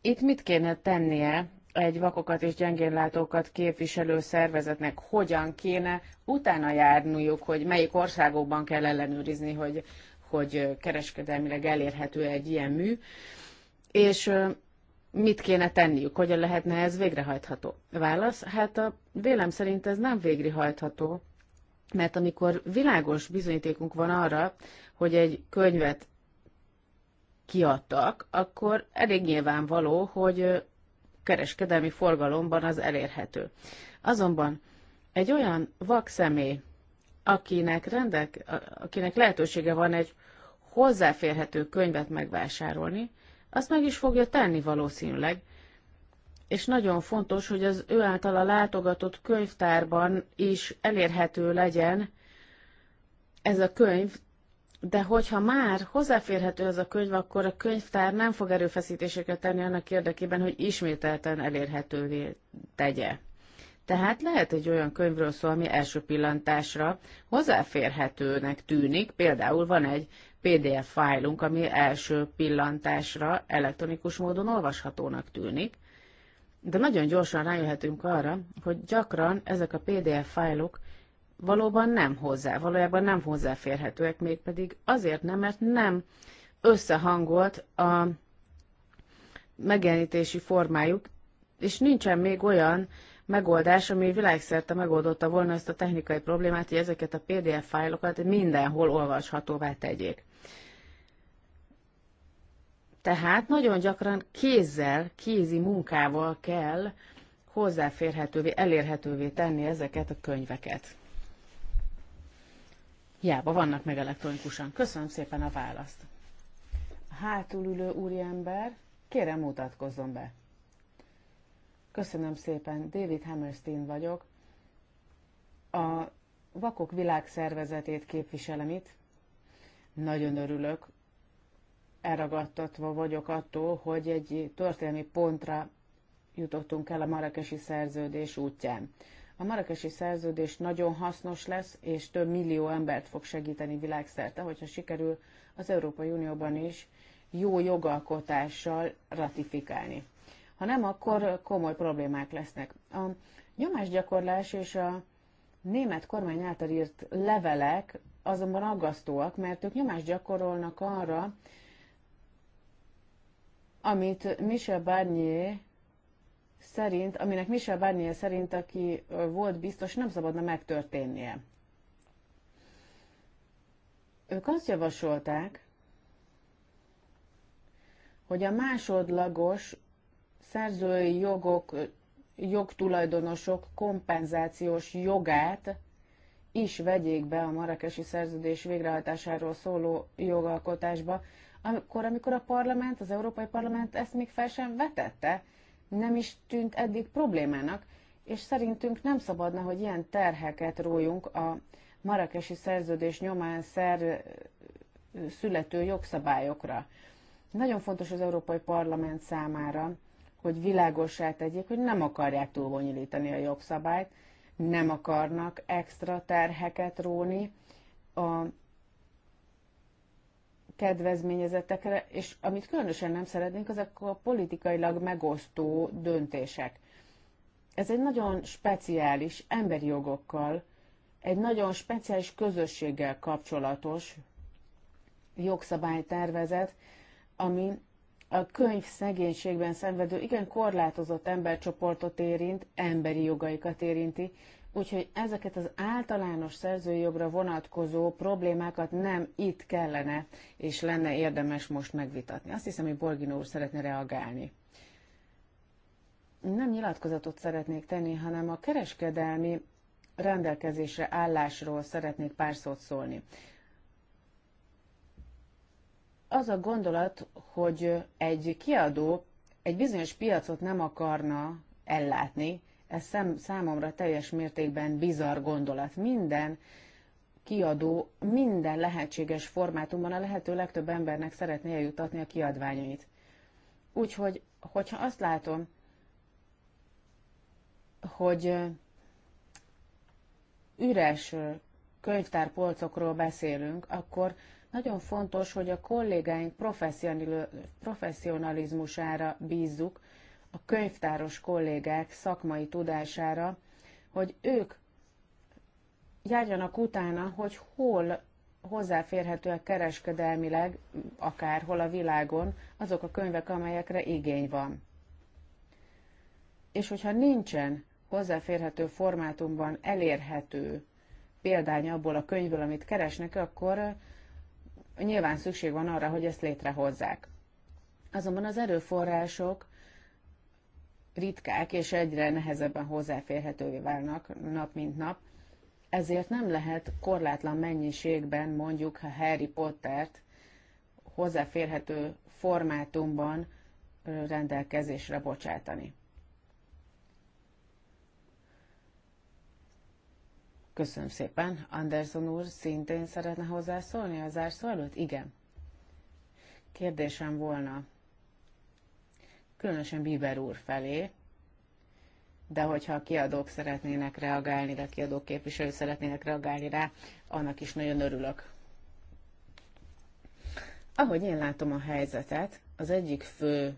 Itt mit kéne tennie egy vakokat és gyengénlátókat képviselő szervezetnek hogyan kéne utána járniuk, hogy melyik országokban kell ellenőrizni, hogy, hogy kereskedelmileg elérhető egy ilyen mű. És mit kéne tenniük, hogyan lehetne ez végrehajtható? Válasz, hát a vélem szerint ez nem végrehajtható, mert amikor világos bizonyítékunk van arra, hogy egy könyvet kiadtak, akkor elég nyilvánvaló, hogy kereskedelmi forgalomban az elérhető. Azonban egy olyan személy, akinek, rendek, akinek lehetősége van egy hozzáférhető könyvet megvásárolni, azt meg is fogja tenni valószínűleg, és nagyon fontos, hogy az ő általa látogatott könyvtárban is elérhető legyen ez a könyv, de hogyha már hozzáférhető ez a könyv, akkor a könyvtár nem fog erőfeszítéseket tenni annak érdekében, hogy ismételten elérhetővé tegye. Tehát lehet egy olyan könyvről szó, ami első pillantásra hozzáférhetőnek tűnik. Például van egy PDF fájlunk, ami első pillantásra elektronikus módon olvashatónak tűnik, de nagyon gyorsan rájöhetünk arra, hogy gyakran ezek a PDF fájlok valóban nem hozzá, valójában nem hozzáférhetőek, mégpedig azért nem, mert nem összehangolt a megjelenítési formájuk, és nincsen még olyan megoldás, ami világszerte megoldotta volna ezt a technikai problémát, hogy ezeket a PDF fájlokat mindenhol olvashatóvá tegyék. Tehát nagyon gyakran kézzel, kézi munkával kell hozzáférhetővé, elérhetővé tenni ezeket a könyveket. Hiába vannak meg elektronikusan. Köszönöm szépen a választ. A hátulülő úriember, kérem mutatkozzon be. Köszönöm szépen, David Hammerstein vagyok. A Vakok Világszervezetét képviselem itt. Nagyon örülök, elragadtatva vagyok attól, hogy egy történelmi pontra jutottunk el a marakesi szerződés útján. A marakesi szerződés nagyon hasznos lesz, és több millió embert fog segíteni világszerte, hogyha sikerül az Európai Unióban is jó jogalkotással ratifikálni. Ha nem, akkor komoly problémák lesznek. A nyomásgyakorlás és a német kormány által írt levelek azonban aggasztóak, mert ők nyomást gyakorolnak arra, amit Michel Barnier szerint, aminek Michel Barnier szerint, aki volt biztos, nem szabadna megtörténnie. Ők azt javasolták, hogy a másodlagos szerzői jogok, jogtulajdonosok kompenzációs jogát is vegyék be a marakesi szerződés végrehajtásáról szóló jogalkotásba, akkor, amikor a parlament, az Európai Parlament ezt még fel sem vetette, nem is tűnt eddig problémának, és szerintünk nem szabadna, hogy ilyen terheket rójunk a marakesi szerződés nyomán szer születő jogszabályokra. Nagyon fontos az Európai Parlament számára, hogy világossá tegyék, hogy nem akarják túlbonyolítani a jogszabályt, nem akarnak extra terheket róni a kedvezményezetekre, és amit különösen nem szeretnénk, azok a politikailag megosztó döntések. Ez egy nagyon speciális emberi jogokkal, egy nagyon speciális közösséggel kapcsolatos jogszabálytervezet, ami a könyv szegénységben szenvedő igen korlátozott embercsoportot érint, emberi jogaikat érinti, Úgyhogy ezeket az általános szerzőjogra vonatkozó problémákat nem itt kellene, és lenne érdemes most megvitatni. Azt hiszem, hogy Borgin úr szeretne reagálni. Nem nyilatkozatot szeretnék tenni, hanem a kereskedelmi rendelkezésre állásról szeretnék pár szót szólni. Az a gondolat, hogy egy kiadó egy bizonyos piacot nem akarna ellátni, ez szem, számomra teljes mértékben bizarr gondolat. Minden kiadó minden lehetséges formátumban a lehető legtöbb embernek szeretné eljutatni a kiadványait. Úgyhogy, hogyha azt látom, hogy üres könyvtárpolcokról beszélünk, akkor nagyon fontos, hogy a kollégáink professzionalizmusára bízzuk a könyvtáros kollégák szakmai tudására, hogy ők járjanak utána, hogy hol hozzáférhetőek kereskedelmileg, akárhol a világon, azok a könyvek, amelyekre igény van. És hogyha nincsen hozzáférhető formátumban elérhető példány abból a könyvből, amit keresnek, akkor nyilván szükség van arra, hogy ezt létrehozzák. Azonban az erőforrások ritkák és egyre nehezebben hozzáférhetővé válnak nap mint nap, ezért nem lehet korlátlan mennyiségben mondjuk a Harry Pottert hozzáférhető formátumban rendelkezésre bocsátani. Köszönöm szépen. Anderson úr szintén szeretne hozzászólni a zárszó előtt? Igen. Kérdésem volna különösen Bieber úr felé, de hogyha a kiadók szeretnének reagálni, de a kiadók képviselők szeretnének reagálni rá, annak is nagyon örülök. Ahogy én látom a helyzetet, az egyik fő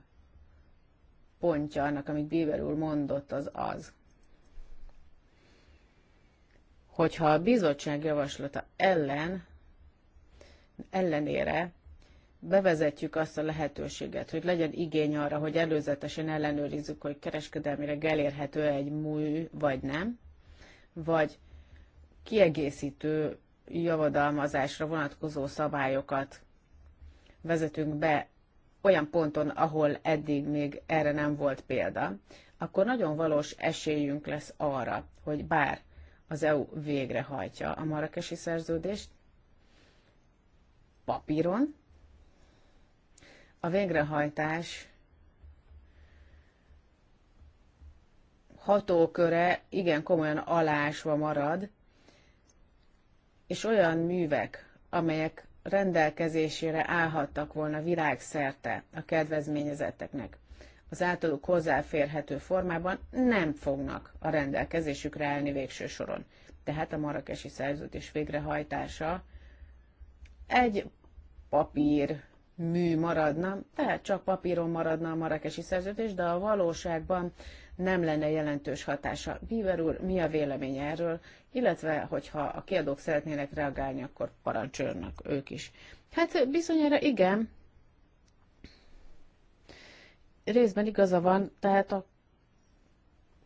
pontja annak, amit Bieber úr mondott, az az, hogyha a bizottság javaslata ellen, ellenére bevezetjük azt a lehetőséget, hogy legyen igény arra, hogy előzetesen ellenőrizzük, hogy kereskedelmire elérhető -e egy mű, vagy nem, vagy kiegészítő javadalmazásra vonatkozó szabályokat vezetünk be olyan ponton, ahol eddig még erre nem volt példa, akkor nagyon valós esélyünk lesz arra, hogy bár az EU végrehajtja a marakesi szerződést papíron, a végrehajtás hatóköre igen komolyan alásva marad, és olyan művek, amelyek rendelkezésére állhattak volna világszerte a kedvezményezetteknek az általuk hozzáférhető formában, nem fognak a rendelkezésükre állni végső soron. Tehát a marakesi szerződés végrehajtása egy papír mű maradna, tehát csak papíron maradna a marakesi szerződés, de a valóságban nem lenne jelentős hatása. Bíver úr, mi a véleménye erről, illetve hogyha a kiadók szeretnének reagálni, akkor parancsolnak ők is. Hát bizonyára igen, részben igaza van, tehát a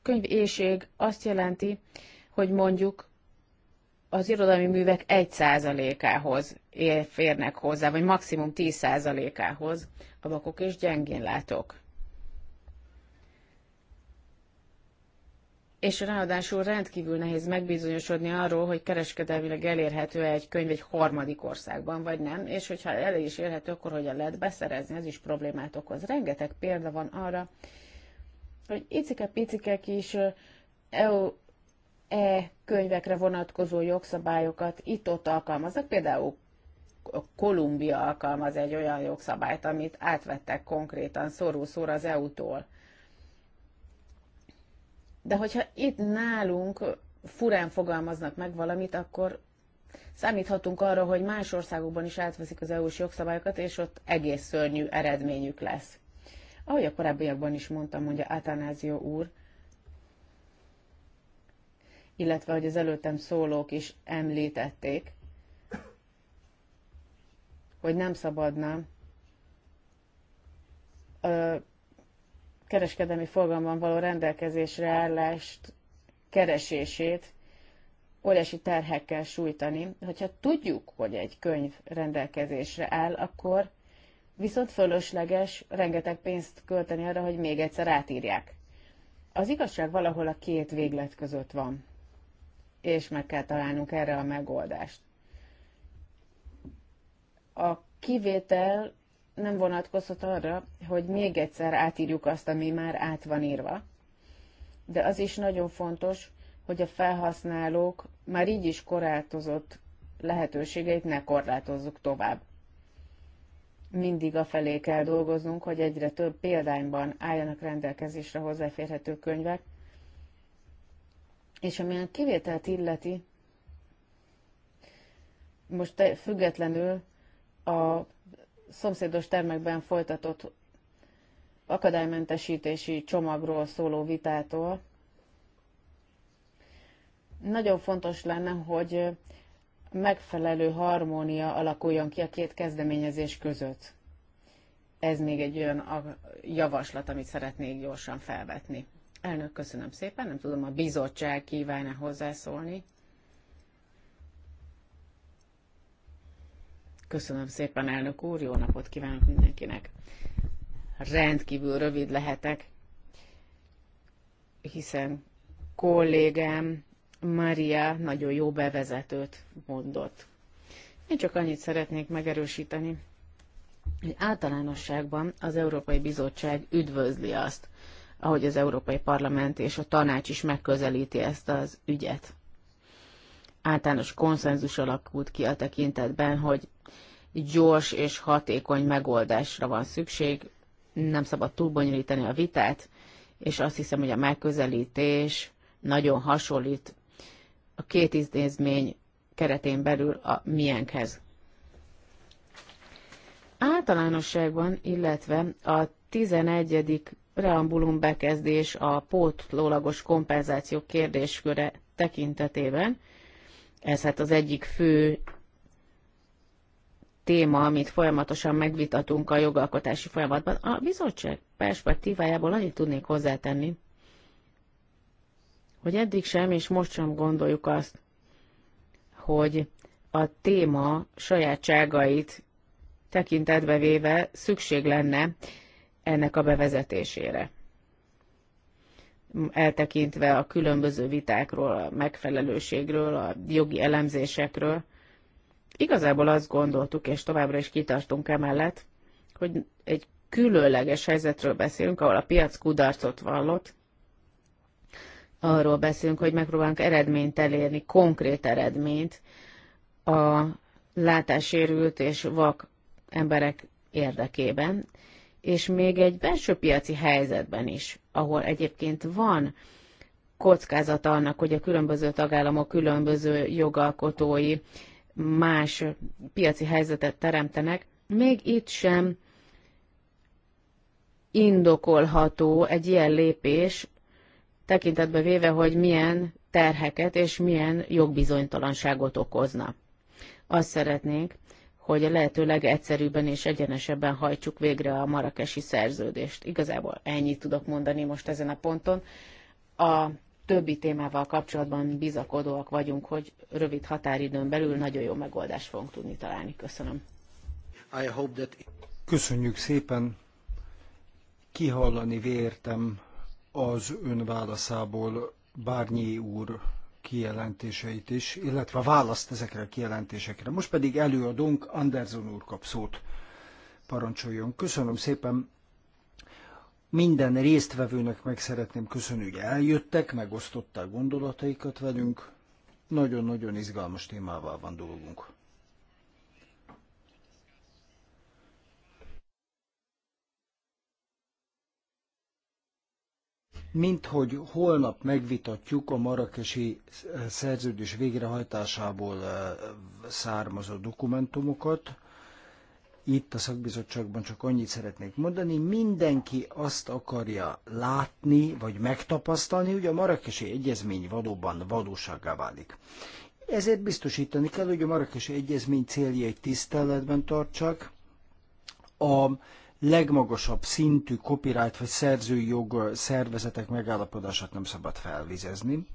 könyv éjség azt jelenti, hogy mondjuk az irodalmi művek egy százalékához férnek hozzá, vagy maximum 10%-ához a vakok és gyengén látok. És ráadásul rendkívül nehéz megbizonyosodni arról, hogy kereskedelmileg elérhető -e egy könyv egy harmadik országban, vagy nem, és hogyha el is érhető, akkor hogyan lehet beszerezni, ez is problémát okoz. Rengeteg példa van arra, hogy icike-picike kis EU e könyvekre vonatkozó jogszabályokat itt-ott alkalmaznak, például Kolumbia alkalmaz egy olyan jogszabályt, amit átvettek konkrétan szorú az EU-tól. De hogyha itt nálunk furán fogalmaznak meg valamit, akkor számíthatunk arra, hogy más országokban is átveszik az EU-s jogszabályokat, és ott egész szörnyű eredményük lesz. Ahogy a korábbiakban is mondtam, mondja Atanázió úr, illetve hogy az előttem szólók is említették, hogy nem szabadna ö, kereskedelmi forgalomban való rendelkezésre állást keresését óriási terhekkel sújtani. Hogyha tudjuk, hogy egy könyv rendelkezésre áll, akkor viszont fölösleges rengeteg pénzt költeni arra, hogy még egyszer átírják. Az igazság valahol a két véglet között van, és meg kell találnunk erre a megoldást. A kivétel nem vonatkozhat arra, hogy még egyszer átírjuk azt, ami már át van írva. De az is nagyon fontos, hogy a felhasználók már így is korlátozott lehetőségeit ne korlátozzuk tovább. Mindig a felé kell dolgoznunk, hogy egyre több példányban álljanak rendelkezésre hozzáférhető könyvek, és amilyen kivételt illeti, most függetlenül a szomszédos termekben folytatott akadálymentesítési csomagról szóló vitától. Nagyon fontos lenne, hogy megfelelő harmónia alakuljon ki a két kezdeményezés között. Ez még egy olyan javaslat, amit szeretnék gyorsan felvetni. Elnök, köszönöm szépen. Nem tudom, a bizottság kívánna hozzászólni. Köszönöm szépen, elnök úr, jó napot kívánok mindenkinek. Rendkívül rövid lehetek, hiszen kollégám Maria nagyon jó bevezetőt mondott. Én csak annyit szeretnék megerősíteni, hogy általánosságban az Európai Bizottság üdvözli azt, ahogy az Európai Parlament és a tanács is megközelíti ezt az ügyet általános konszenzus alakult ki a tekintetben, hogy gyors és hatékony megoldásra van szükség, nem szabad túlbonyolítani a vitát, és azt hiszem, hogy a megközelítés nagyon hasonlít a két intézmény keretén belül a miénkhez. Általánosságban, illetve a 11. preambulum bekezdés a pótlólagos kompenzáció kérdésköre tekintetében ez hát az egyik fő téma, amit folyamatosan megvitatunk a jogalkotási folyamatban. A bizottság perspektívájából annyit tudnék hozzátenni, hogy eddig sem, és most sem gondoljuk azt, hogy a téma sajátságait tekintetbe véve szükség lenne ennek a bevezetésére eltekintve a különböző vitákról, a megfelelőségről, a jogi elemzésekről. Igazából azt gondoltuk, és továbbra is kitartunk emellett, hogy egy különleges helyzetről beszélünk, ahol a piac kudarcot vallott, arról beszélünk, hogy megpróbálunk eredményt elérni, konkrét eredményt a látásérült és vak emberek érdekében, és még egy belső piaci helyzetben is ahol egyébként van kockázata annak, hogy a különböző tagállamok különböző jogalkotói más piaci helyzetet teremtenek, még itt sem indokolható egy ilyen lépés, tekintetbe véve, hogy milyen terheket és milyen jogbizonytalanságot okozna. Azt szeretnénk, hogy a lehető legegyszerűbben és egyenesebben hajtsuk végre a marakesi szerződést. Igazából ennyit tudok mondani most ezen a ponton. A többi témával kapcsolatban bizakodóak vagyunk, hogy rövid határidőn belül nagyon jó megoldást fogunk tudni találni. Köszönöm. That... Köszönjük szépen. Kihallani vértem az ön válaszából Bárnyi úr kijelentéseit is, illetve a választ ezekre a kijelentésekre. Most pedig előadónk Anderson úr kap szót. Parancsoljon. Köszönöm szépen. Minden résztvevőnek meg szeretném köszönni, hogy eljöttek, megosztották gondolataikat velünk. Nagyon-nagyon izgalmas témával van dolgunk. mint hogy holnap megvitatjuk a marakesi eh, szerződés végrehajtásából eh, származó dokumentumokat. Itt a szakbizottságban csak annyit szeretnék mondani, mindenki azt akarja látni, vagy megtapasztalni, hogy a marakesi egyezmény valóban valósággá válik. Ezért biztosítani kell, hogy a marakesi egyezmény céljait tiszteletben tartsák, a legmagasabb szintű copyright vagy szerzői jog szervezetek megállapodását nem szabad felvizezni.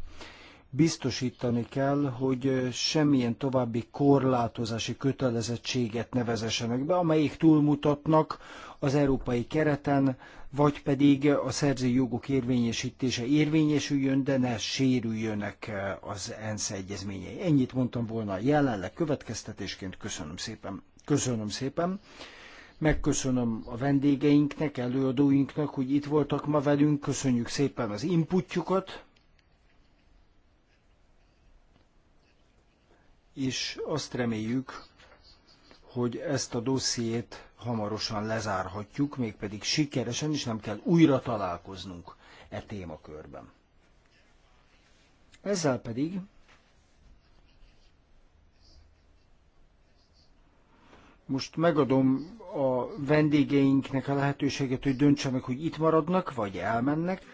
Biztosítani kell, hogy semmilyen további korlátozási kötelezettséget nevezesenek be, amelyik túlmutatnak az európai kereten, vagy pedig a szerzői jogok érvényesítése érvényesüljön, de ne sérüljönek az ENSZ egyezményei. Ennyit mondtam volna jelenleg következtetésként. Köszönöm szépen. Köszönöm szépen. Megköszönöm a vendégeinknek, előadóinknak, hogy itt voltak ma velünk. Köszönjük szépen az inputjukat. És azt reméljük, hogy ezt a dossziét hamarosan lezárhatjuk, mégpedig sikeresen, és nem kell újra találkoznunk e témakörben. Ezzel pedig Most megadom a vendégeinknek a lehetőséget, hogy döntsenek, hogy itt maradnak, vagy elmennek.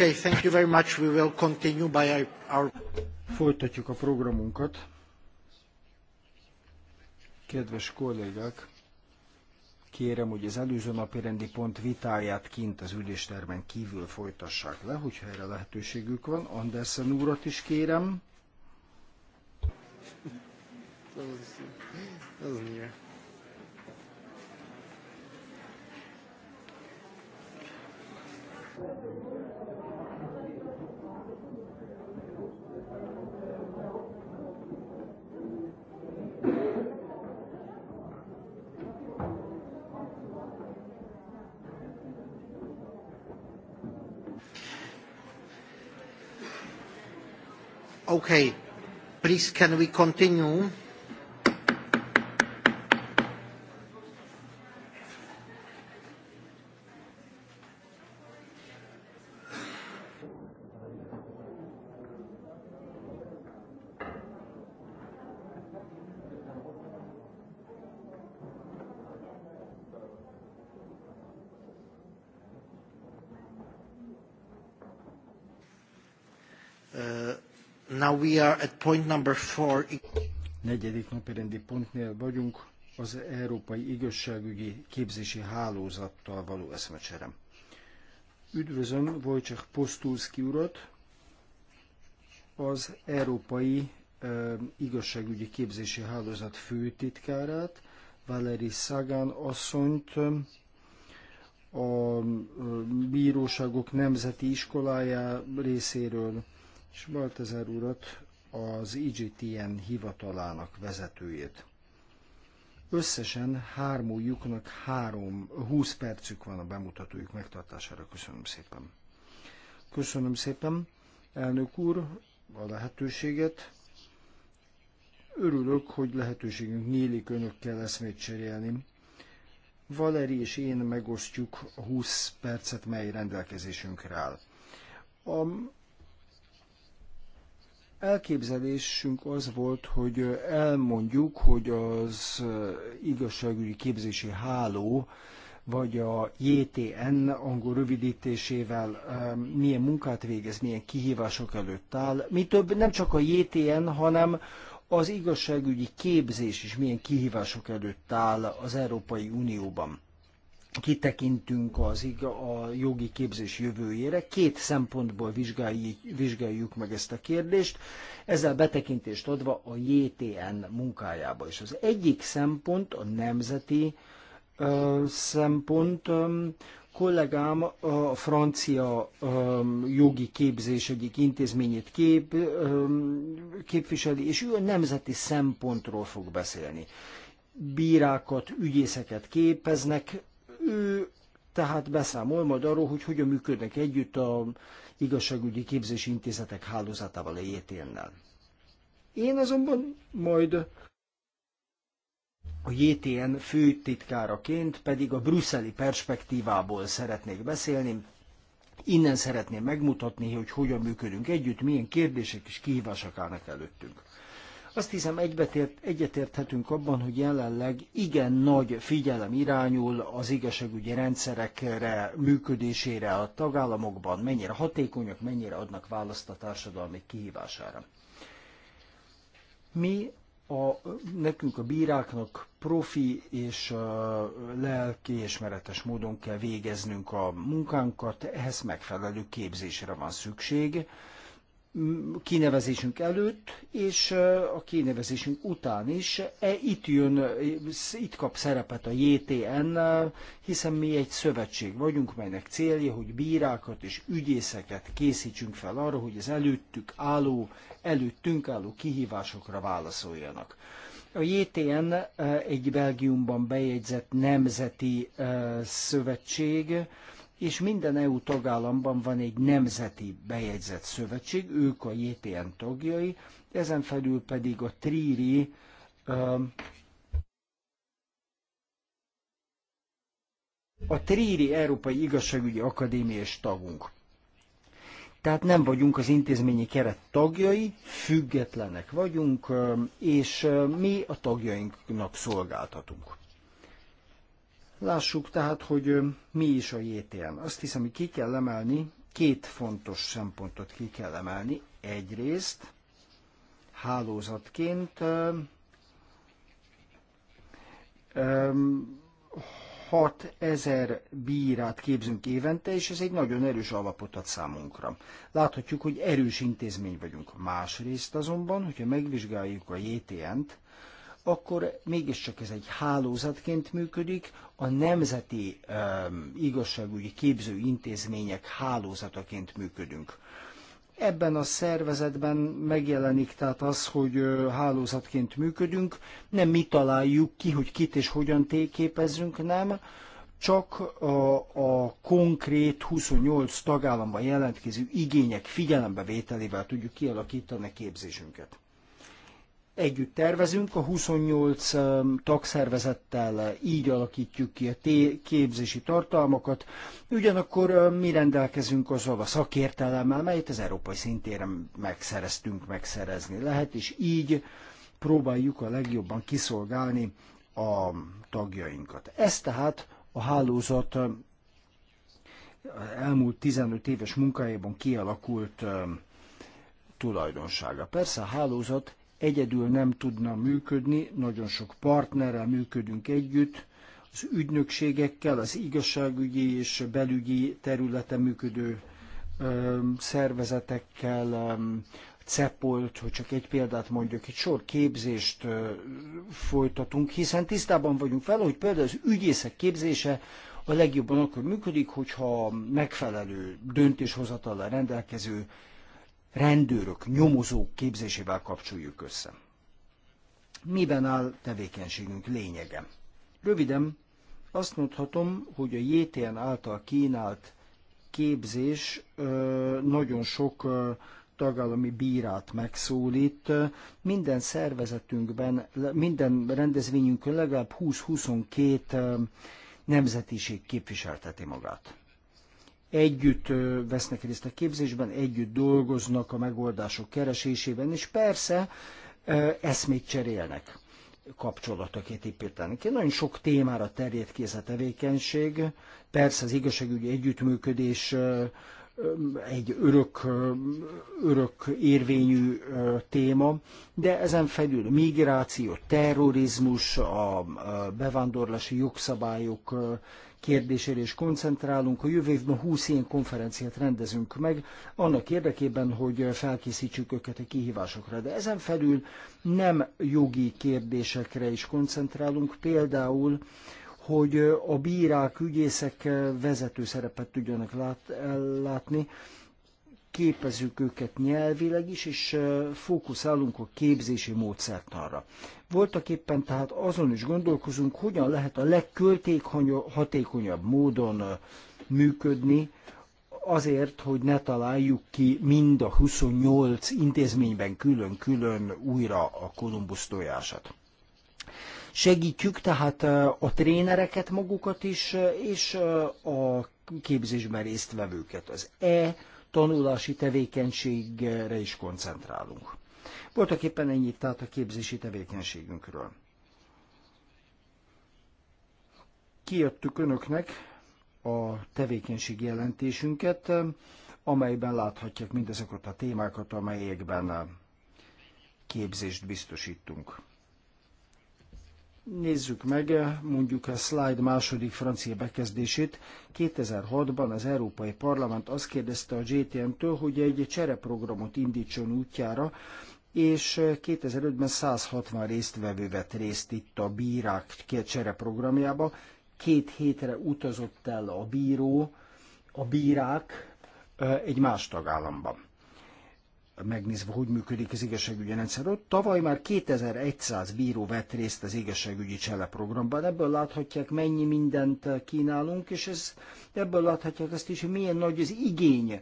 Okay, thank you very much. We will continue by our... Folytatjuk a programunkat. Kedves kollégák, kérem, hogy az előző napi rendi pont vitáját kint az ülésterben kívül folytassák le, hogyha erre lehetőségük van. Andersen úrat is kérem. Thank you. Okay, please can we continue? Now we are at point number four. Negyedik napirendi pontnél vagyunk, az Európai Igazságügyi Képzési Hálózattal való eszmecserem. Üdvözlöm Wojciech Postulski urat, az Európai uh, Igazságügyi Képzési Hálózat főtitkárát, Valeri Szagán asszonyt, a bíróságok nemzeti iskolája részéről, és Baltazár urat az IGTN hivatalának vezetőjét. Összesen hármójuknak három, 20 percük van a bemutatójuk megtartására. Köszönöm szépen. Köszönöm szépen, elnök úr, a lehetőséget. Örülök, hogy lehetőségünk nyílik önökkel eszmét cserélni. Valeri és én megosztjuk a 20 percet, mely rendelkezésünkre áll. A elképzelésünk az volt, hogy elmondjuk, hogy az eh, igazságügyi képzési háló, vagy a JTN angol rövidítésével eh, milyen munkát végez, milyen kihívások előtt áll. Mi több, nem csak a JTN, hanem az igazságügyi képzés is milyen kihívások előtt áll az Európai Unióban kitekintünk az, a jogi képzés jövőjére, két szempontból vizsgáljuk, vizsgáljuk meg ezt a kérdést, ezzel betekintést adva a JTN munkájába is. Az egyik szempont a nemzeti ö, szempont, ö, kollégám a francia jogi képzés egyik intézményét kép, képviseli, és ő a nemzeti szempontról fog beszélni. Bírákat, ügyészeket képeznek, ő tehát beszámol majd arról, hogy hogyan működnek együtt a igazságügyi képzési intézetek hálózatával a e JTN-nel. Én azonban majd a JTN e főtitkáraként pedig a brüsszeli perspektívából szeretnék beszélni. Innen szeretném megmutatni, hogy hogyan működünk együtt, milyen kérdések és kihívások állnak előttünk. Azt hiszem, egybetért, egyetérthetünk abban, hogy jelenleg igen nagy figyelem irányul az igazságügyi rendszerekre, működésére a tagállamokban, mennyire hatékonyak, mennyire adnak választ a társadalmi kihívására. Mi a, nekünk a bíráknak profi és uh, lelki ismeretes módon kell végeznünk a munkánkat, ehhez megfelelő képzésre van szükség kinevezésünk előtt és a kinevezésünk után is. E, itt jön, itt kap szerepet a JTN, hiszen mi egy szövetség vagyunk, melynek célja, hogy bírákat és ügyészeket készítsünk fel arra, hogy az előttük álló, előttünk álló kihívásokra válaszoljanak. A JTN egy Belgiumban bejegyzett nemzeti szövetség, és minden EU tagállamban van egy nemzeti bejegyzett szövetség, ők a JTN tagjai, ezen felül pedig a Tríri a Tríri Európai Igazságügyi Akadémia és tagunk. Tehát nem vagyunk az intézményi keret tagjai, függetlenek vagyunk, és mi a tagjainknak szolgáltatunk. Lássuk tehát, hogy mi is a JTM. Azt hiszem, hogy ki kell emelni, két fontos szempontot ki kell emelni. Egyrészt hálózatként um, 6000 bírát képzünk évente, és ez egy nagyon erős alapot ad számunkra. Láthatjuk, hogy erős intézmény vagyunk. Másrészt azonban, hogyha megvizsgáljuk a JTN-t, akkor mégiscsak ez egy hálózatként működik, a nemzeti um, igazságügyi képzőintézmények hálózataként működünk. Ebben a szervezetben megjelenik tehát az, hogy hálózatként működünk, nem mi találjuk ki, hogy kit és hogyan téképezzünk, nem, csak a, a konkrét 28 tagállamban jelentkező igények figyelembevételével tudjuk kialakítani a képzésünket együtt tervezünk, a 28 um, tagszervezettel uh, így alakítjuk ki a képzési tartalmakat, ugyanakkor uh, mi rendelkezünk azzal a szakértelemmel, melyet az európai szintéren megszereztünk, megszerezni lehet, és így próbáljuk a legjobban kiszolgálni a tagjainkat. Ez tehát a hálózat um, elmúlt 15 éves munkájában kialakult um, tulajdonsága. Persze a hálózat egyedül nem tudna működni, nagyon sok partnerrel működünk együtt, az ügynökségekkel, az igazságügyi és belügyi területen működő szervezetekkel, CEPOLT, hogy csak egy példát mondjuk, egy sor képzést folytatunk, hiszen tisztában vagyunk fel, hogy például az ügyészek képzése a legjobban akkor működik, hogyha megfelelő döntéshozatallal rendelkező rendőrök, nyomozók képzésével kapcsoljuk össze. Miben áll tevékenységünk lényege? Röviden azt mondhatom, hogy a JTN által kínált képzés nagyon sok tagállami bírát megszólít. Minden szervezetünkben, minden rendezvényünkön legalább 20-22 nemzetiség képviselteti magát együtt vesznek részt a képzésben, együtt dolgoznak a megoldások keresésében, és persze eszmét cserélnek kapcsolatokat építenek. Én nagyon sok témára terjed ki ez a tevékenység. Persze az igazságügyi együttműködés egy örök, örök érvényű téma, de ezen felül migráció, terrorizmus, a bevándorlási jogszabályok kérdésére is koncentrálunk. A jövő évben 20 ilyen konferenciát rendezünk meg, annak érdekében, hogy felkészítsük őket a kihívásokra. De ezen felül nem jogi kérdésekre is koncentrálunk, például hogy a bírák, ügyészek vezető szerepet tudjanak lát, látni, képezzük őket nyelvileg is, és fókuszálunk a képzési módszertanra. Voltak éppen tehát azon is gondolkozunk, hogyan lehet a legköltékhatékonyabb módon működni, azért, hogy ne találjuk ki mind a 28 intézményben külön-külön újra a Kolumbusz tojását. Segítjük tehát a trénereket magukat is, és a képzésben résztvevőket. Az E tanulási tevékenységre is koncentrálunk. Voltak éppen ennyit tehát a képzési tevékenységünkről. Kiadtuk önöknek a tevékenység jelentésünket, amelyben láthatják mindezeket a témákat, amelyekben képzést biztosítunk. Nézzük meg mondjuk a slide második francia bekezdését. 2006-ban az Európai Parlament azt kérdezte a GTM-től, hogy egy csereprogramot indítson útjára, és 2005-ben 160 résztvevő vett részt itt a bírák csereprogramjába. Két hétre utazott el a bíró, a bírák egy más tagállamban megnézve, hogy működik az igazságügyi rendszer. Ott tavaly már 2100 bíró vett részt az igazságügyi cseleprogramban. Ebből láthatják, mennyi mindent kínálunk, és ez, ebből láthatják azt is, hogy milyen nagy az igény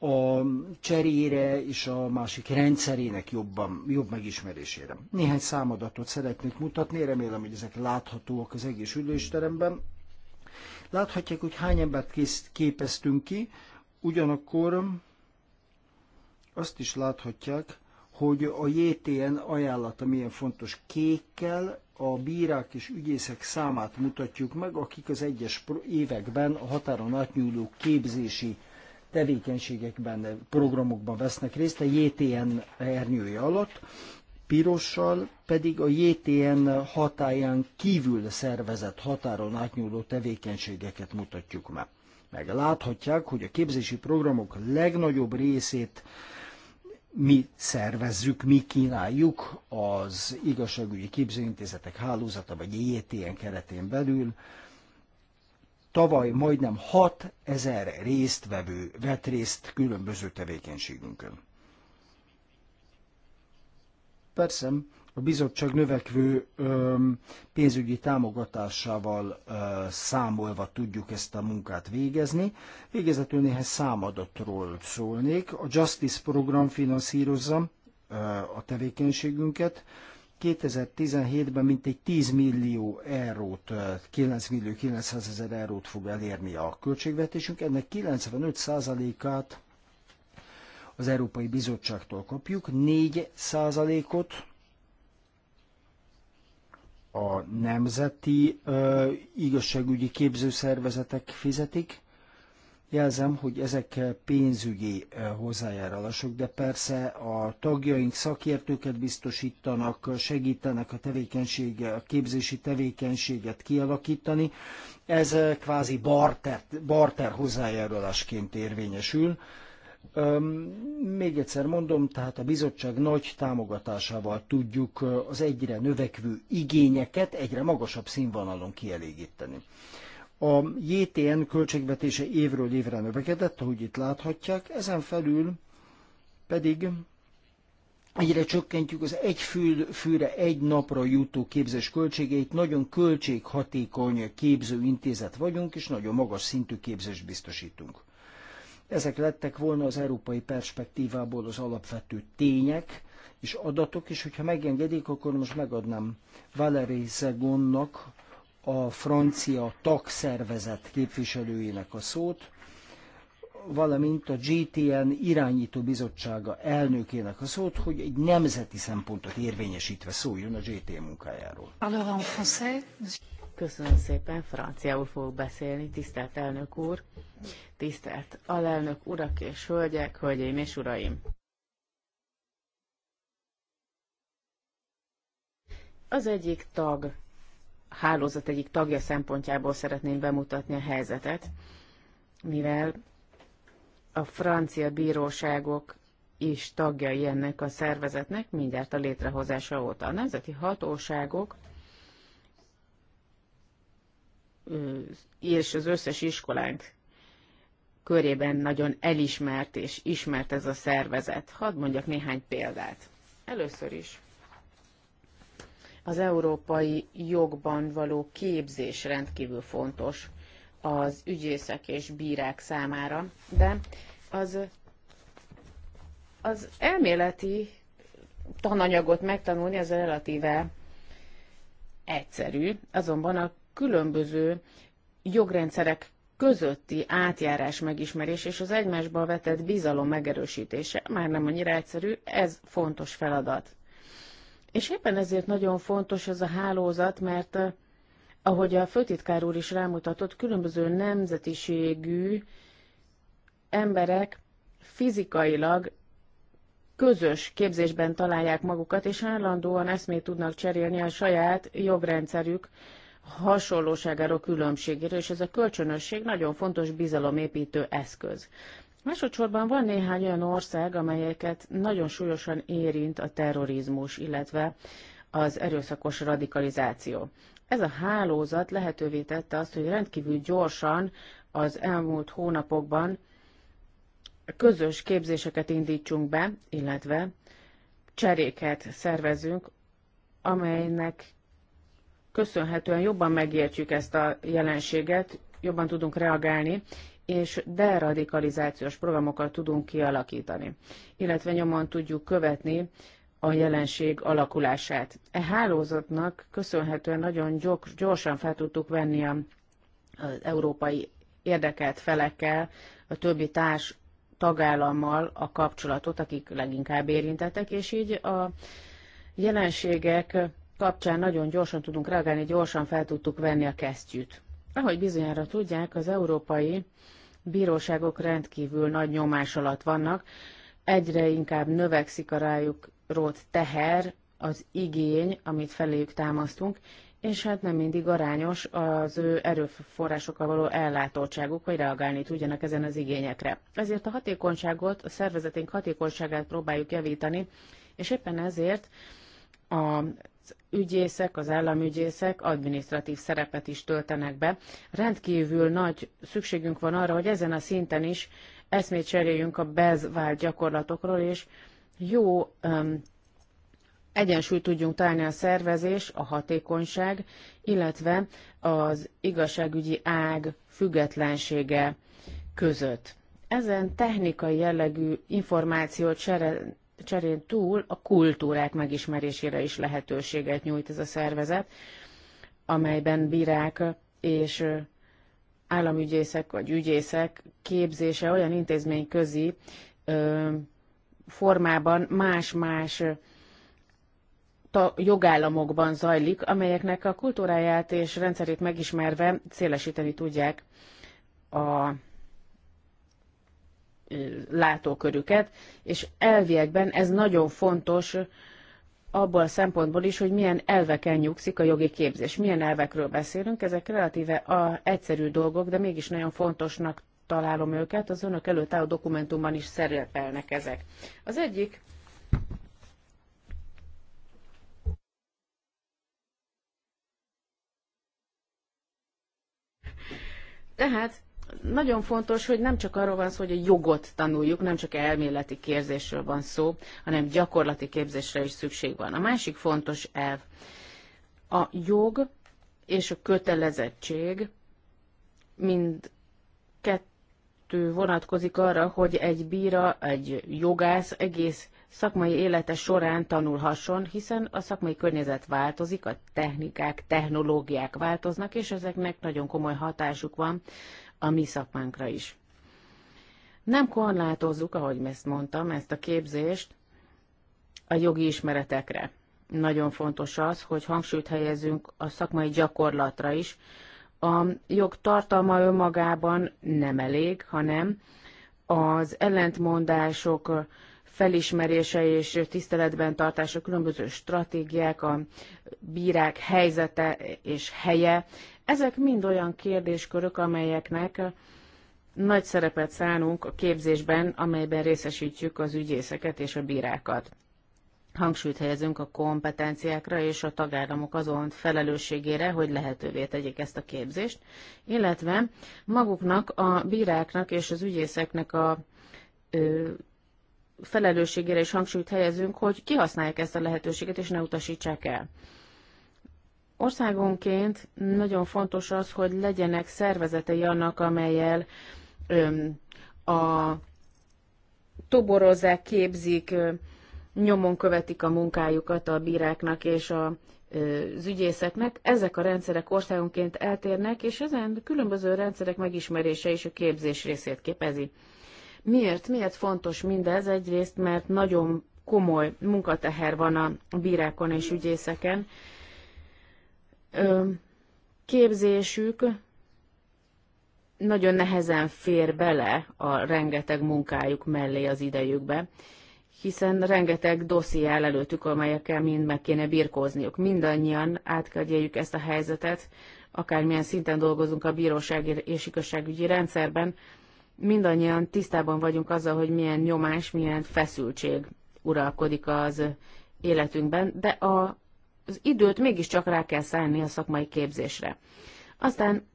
a cserére és a másik rendszerének jobban, jobb megismerésére. Néhány számadatot szeretnék mutatni, remélem, hogy ezek láthatóak az egész ülésteremben. Láthatják, hogy hány embert képeztünk ki, ugyanakkor azt is láthatják, hogy a JTN ajánlata milyen fontos kékkel, a bírák és ügyészek számát mutatjuk meg, akik az egyes években a határon átnyúló képzési tevékenységekben, programokban vesznek részt a JTN ernyője alatt, pirossal pedig a JTN hatáján kívül szervezett határon átnyúló tevékenységeket mutatjuk meg. Meg láthatják, hogy a képzési programok legnagyobb részét mi szervezzük, mi kínáljuk az igazságügyi képzőintézetek hálózata, vagy IETN keretén belül. Tavaly majdnem 6000 résztvevő vett részt különböző tevékenységünkön. Persze, a bizottság növekvő pénzügyi támogatásával számolva tudjuk ezt a munkát végezni. Végezetül néhány számadatról szólnék. A Justice program finanszírozza a tevékenységünket. 2017-ben mintegy 10 millió eurót, 9 millió 900 ezer eurót fog elérni a költségvetésünk. Ennek 95 át az Európai Bizottságtól kapjuk, 4 százalékot a nemzeti ö, igazságügyi képzőszervezetek fizetik. Jelzem, hogy ezek pénzügyi hozzájárulások, de persze a tagjaink szakértőket biztosítanak, segítenek a, tevékenység, a képzési tevékenységet kialakítani. Ez kvázi barter, barter hozzájárulásként érvényesül még egyszer mondom, tehát a bizottság nagy támogatásával tudjuk az egyre növekvő igényeket egyre magasabb színvonalon kielégíteni. A JTN költségvetése évről évre növekedett, ahogy itt láthatják, ezen felül pedig egyre csökkentjük az egy fő, főre egy napra jutó képzés költségeit, nagyon költséghatékony képzőintézet vagyunk, és nagyon magas szintű képzést biztosítunk. Ezek lettek volna az európai perspektívából az alapvető tények és adatok, és hogyha megengedik, akkor most megadnám Valéry Zegonnak, a francia tagszervezet képviselőjének a szót, valamint a GTN irányító bizottsága elnökének a szót, hogy egy nemzeti szempontot érvényesítve szóljon a GTN munkájáról. Alors en français, Köszönöm szépen, franciául fogok beszélni, tisztelt elnök úr, tisztelt alelnök urak és hölgyek, hölgyeim és uraim. Az egyik tag, a hálózat egyik tagja szempontjából szeretném bemutatni a helyzetet, mivel a francia bíróságok is tagjai ennek a szervezetnek mindjárt a létrehozása óta. A nemzeti hatóságok és az összes iskolánk körében nagyon elismert és ismert ez a szervezet. Hadd mondjak néhány példát. Először is az európai jogban való képzés rendkívül fontos az ügyészek és bírák számára, de az, az elméleti tananyagot megtanulni az relatíve egyszerű, azonban a különböző jogrendszerek közötti átjárás megismerés és az egymásba vetett bizalom megerősítése már nem annyira egyszerű, ez fontos feladat. És éppen ezért nagyon fontos ez a hálózat, mert eh, ahogy a főtitkár úr is rámutatott, különböző nemzetiségű emberek fizikailag közös képzésben találják magukat, és állandóan eszmét tudnak cserélni a saját jogrendszerük hasonlóságáról, különbségéről, és ez a kölcsönösség nagyon fontos bizalomépítő eszköz. Másodszorban van néhány olyan ország, amelyeket nagyon súlyosan érint a terrorizmus, illetve az erőszakos radikalizáció. Ez a hálózat lehetővé tette azt, hogy rendkívül gyorsan az elmúlt hónapokban közös képzéseket indítsunk be, illetve cseréket szervezünk, amelynek köszönhetően jobban megértjük ezt a jelenséget, jobban tudunk reagálni, és deradikalizációs programokat tudunk kialakítani, illetve nyomon tudjuk követni a jelenség alakulását. E hálózatnak köszönhetően nagyon gyorsan fel tudtuk venni az európai érdekelt felekkel, a többi társ tagállammal a kapcsolatot, akik leginkább érintettek, és így a jelenségek kapcsán nagyon gyorsan tudunk reagálni, gyorsan fel tudtuk venni a kesztyűt. Ahogy bizonyára tudják, az európai bíróságok rendkívül nagy nyomás alatt vannak, egyre inkább növekszik a rájuk rót teher, az igény, amit feléjük támasztunk, és hát nem mindig arányos az ő erőforrásokkal való ellátottságuk, hogy reagálni tudjanak ezen az igényekre. Ezért a hatékonyságot, a szervezetünk hatékonyságát próbáljuk javítani, és éppen ezért a az ügyészek, az államügyészek adminisztratív szerepet is töltenek be. Rendkívül nagy szükségünk van arra, hogy ezen a szinten is eszmét cseréljünk a bezvált gyakorlatokról, és jó um, egyensúlyt tudjunk találni a szervezés, a hatékonyság, illetve az igazságügyi ág függetlensége között. Ezen technikai jellegű információt csere cserén túl a kultúrák megismerésére is lehetőséget nyújt ez a szervezet, amelyben bírák és államügyészek vagy ügyészek képzése olyan intézmény közi formában más-más jogállamokban zajlik, amelyeknek a kultúráját és rendszerét megismerve szélesíteni tudják a látókörüket, és elviekben ez nagyon fontos abból a szempontból is, hogy milyen elveken nyugszik a jogi képzés, milyen elvekről beszélünk. Ezek relatíve a egyszerű dolgok, de mégis nagyon fontosnak találom őket, az önök előtt álló dokumentumban is szerepelnek ezek. Az egyik Tehát nagyon fontos, hogy nem csak arról van szó, hogy a jogot tanuljuk, nem csak elméleti képzésről van szó, hanem gyakorlati képzésre is szükség van. A másik fontos elv, a jog és a kötelezettség mind kettő vonatkozik arra, hogy egy bíra, egy jogász egész szakmai élete során tanulhasson, hiszen a szakmai környezet változik, a technikák, technológiák változnak, és ezeknek nagyon komoly hatásuk van a mi szakmánkra is. Nem korlátozzuk, ahogy ezt mondtam, ezt a képzést a jogi ismeretekre. Nagyon fontos az, hogy hangsúlyt helyezünk a szakmai gyakorlatra is. A jog tartalma önmagában nem elég, hanem az ellentmondások, felismerése és tiszteletben tartása, különböző stratégiák, a bírák helyzete és helye. Ezek mind olyan kérdéskörök, amelyeknek nagy szerepet szánunk a képzésben, amelyben részesítjük az ügyészeket és a bírákat. Hangsúlyt helyezünk a kompetenciákra és a tagállamok azon felelősségére, hogy lehetővé tegyék ezt a képzést, illetve maguknak, a bíráknak és az ügyészeknek a felelősségére is hangsúlyt helyezünk, hogy kihasználják ezt a lehetőséget, és ne utasítsák el. Országonként nagyon fontos az, hogy legyenek szervezetei annak, amelyel öm, a toborozzák, képzik, nyomon követik a munkájukat a bíráknak és a, az ügyészeknek. Ezek a rendszerek országonként eltérnek, és ezen különböző rendszerek megismerése is a képzés részét képezi. Miért? Miért fontos mindez? Egyrészt, mert nagyon komoly munkateher van a bírákon és ügyészeken. Képzésük nagyon nehezen fér bele a rengeteg munkájuk mellé az idejükbe, hiszen rengeteg dosszié áll előttük, amelyekkel mind meg kéne birkózniuk. Mindannyian át ezt a helyzetet, akármilyen szinten dolgozunk a bíróság és igazságügyi rendszerben, mindannyian tisztában vagyunk azzal, hogy milyen nyomás, milyen feszültség uralkodik az életünkben, de a, az időt mégiscsak rá kell szállni a szakmai képzésre. Aztán